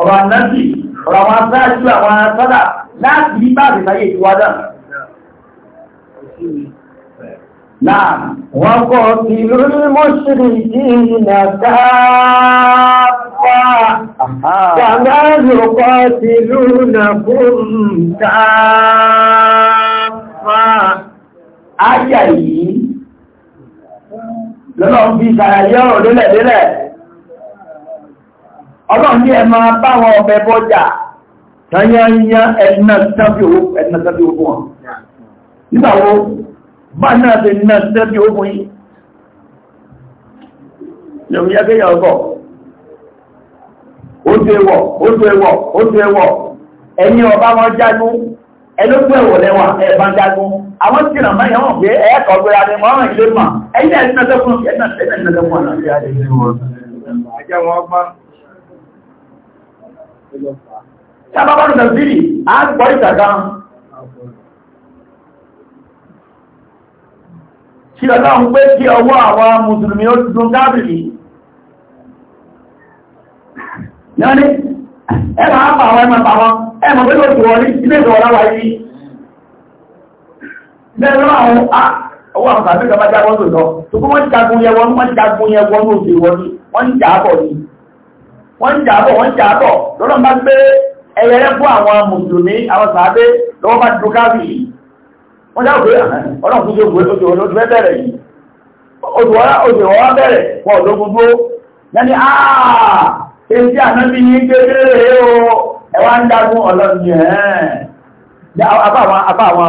ọ̀rọ̀ ànábì ọ̀rọ̀ àwọn aṣáájú àwọn asádà láti rí bá àbẹ̀sáyé ìwádà náà wọ́n kọ́ sí lórí mọ́ṣíríkì nàtàáfà kàmá lòkọ́ sí lónàkùn tàáfà áyà yìí lọ́nà bí ìsàràyẹ́ ọ̀rọ̀ lélẹ̀ ọlọ́run ní ẹ máa bá wọn ọbẹ̀ bọ́jà tanyanya ẹ̀nà tàbí ogun wọn nígbàwó bá náà tẹ ní tàbí ogun yìí lèun yẹ́ kéyà ọgọ́ ó tó ẹwọ̀ ó tó ẹwọ̀ ó tó ẹwọ̀ ẹni ọba wọn jágún ẹlógún ẹ̀wọ̀ lẹ́wà ẹ̀bá jágún àwọn tí ìrànmá yẹn wọ́n pé ẹ̀ẹ́kọ̀ gbé adé mọ́ ọ̀rìn ilé mà ẹ̀yìn ẹ̀ẹ́dínlẹ́gbẹ̀kún ẹ̀ẹ́dínlẹ́gbẹ̀kún ọ̀nà sábàbà ní nàìjírí a ń gbọ́ ìtàgá kí lọ́nà ń pé kí ọwọ́ àwọn mùsùlùmí ó dùn gáàbìlì náà ní ẹmà àpà àwọn ẹmà àwọn ẹmà pé ló tùwọ́ ní ilé ìwọ̀ láwà yìí lẹ́nu àwọn ah, ọwọ́ àwọn sàbí ìjọba jágbọ́n tó lọ tó kó wọ́n ti jagun yẹ wọ́n wọ́n ti jagun yẹ wọ́n ní òṣèwọ́ ní wọ́n ń jà á bọ̀ ní wọ́n ń jàbọ̀ wọ́n ń jàbọ̀ lọ́nà bá gbé ẹyẹrẹ fún àwọn mùsùlùmí àwọn sàábé lọ́wọ́ bá dúkà bí i wọ́n dáwọ̀ pé ah, ọlọ́run tó gbé oṣù oṣù bẹ̀rẹ̀ yìí oṣù ọ̀rá bẹ̀rẹ̀ wọ́n ló gbogbo yẹni àà èyí tí ànábì ní kékeré o ẹwà ń dágún ọlọ́run yẹn àbá àwọn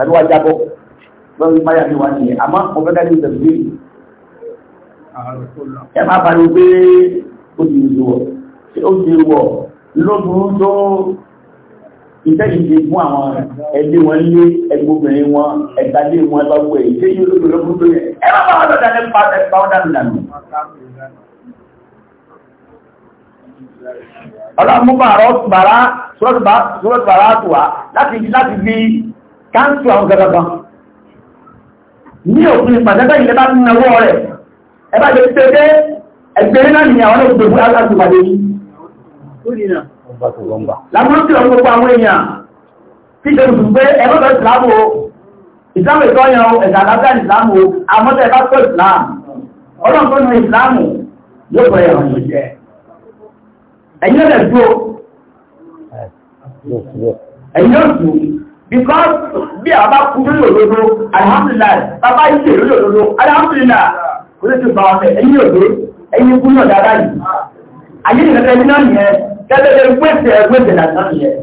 àríwá jábọ̀ lọ́run máyà ní wà ní àmọ́ mo fẹ́ ó ti wọ̀ ó ti wọ̀ lóbùrú tó ìtẹ́jìdì fún àwọn ẹbí wọn lé ẹgbóbìnrin wọn ẹ̀tàlé wọn lọ́wọ́ èyí tí yóò lóbùrú lóbùrú tó yẹ ẹ bá wọn lọ́dà ní pa ọ́ dànù dànù. ọlọ́mú bàrá sọ́rọ̀ bàrá tó wá láti fi káńtù àwọn gẹ́gẹ́gán ní òfin ìpàdé bẹ́ẹ̀ ilẹ̀ bá ń nawọ́ rẹ̀ ẹ bá lè tẹ́lẹ̀ ẹgbẹ̀rẹ́ náà ni àwọn olóògbé fún alásùpàdé yìí lámúrú tí wọ́n gbogbo àwọn èèyàn tí ṣe rùsùn pé ẹgbẹ́ ìsìlámù o ìsìlámù ìtọ́yàn ẹ̀dà alága ìsìlámù o àmọ́tẹ́ ẹ̀bá tó ìsìlámù ọlọ́run tó nu ìsìlámù yóò bọ̀ ẹ̀rọ yóò jẹ́ ẹ̀yìn rẹ̀ dúró ẹ̀yìn rẹ̀ dúró because bí a bá kú lórí òdodo alhamdulillah bàbá yìí lè lórí òdodo alhamdulillah kò lè ti bá wọn bẹ̀ ẹ̀yìn òdodo ẹ̀yìn kú náà dára yìí ayé ìrẹ̀lẹ̀ iná yẹn tẹ́lẹ̀lẹ̀ gbèsè ẹgbèsè lásán yẹn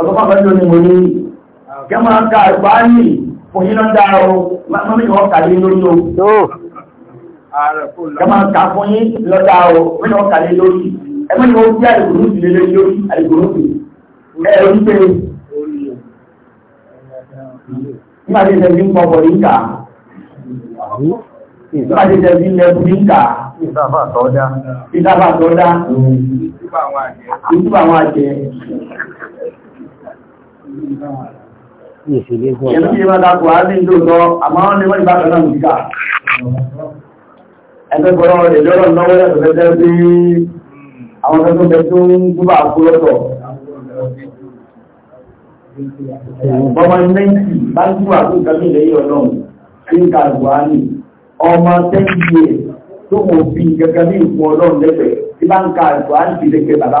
ọgbọ́n bá lónìí mo ní gẹ́mọ́ ká ẹgbà ní òyìn náà dára o mọ́mí wọ́n kàlé lórí o gẹ́mọ́ ká fún yín lọ́dá o mọ́mí wọ́n kàlé lórí ẹgbẹ́ ni wọ́n jẹ́ àìgbòrúsì lórí àìgbòrúsì ẹ̀rọ nígbà tí ń pọ̀pọ̀ ní ìkà nígbà lẹ́bù ní ìkà tọ́dá ìtúbà àwọn àjẹ́ Ìyẹ̀mí ti máa dákò á rẹ̀ lọ́rọ̀ lọ́wọ́ ẹ̀sọ̀lẹ́gbẹ́ bí àwọn ọ̀sẹ̀ tó ń gúbà kú lọ́tọ̀ ọmọ nẹ́ǹtì bá ń gbúwà tó kàmí lẹ́yìn ọlọ́run tí ń ka àgbàánì ọmọ tẹ́ǹtì ẹ̀ tó mò fi gẹ́gẹ́ bí ìfún ọlọ́run lẹ́fẹ̀ẹ́ tí bá ń ka àgbàánì ti lẹ́kẹ́ bàbá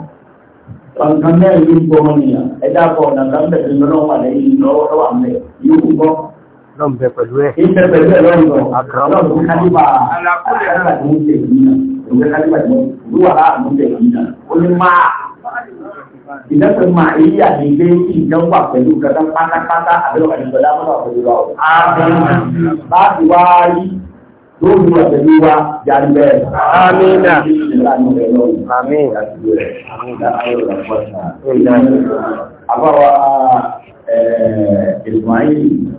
kankan náà yìí ń gbọmọ nìyàn ẹ̀dá kọ ọ̀nà kan bẹ̀rẹ̀ lọ́nà wà lẹ́yìn lọ́wọ́ lọ́wọ́ àmì yìí ń gbọ́. lọ́n bẹ pẹ̀lú ẹ̀. ń bẹ pẹ̀lú ẹ̀ lọ́nà lọ́nà tó kálíbà alákùnrin àti oúnjẹ yìí náà òun kálíbà tó wúwà láàmú oúnjẹ yìí náà ó ní máa. ìdẹ́sẹ̀ máa èyí àti ilé ìjẹun wà pẹ̀lú kankan pátápátá àbẹ̀wò àti ìgbàlá yóò ní ọ̀sẹ̀ jáde bẹ́ẹ̀. Amina. Amina. Àbáwa Ìsmáìlì.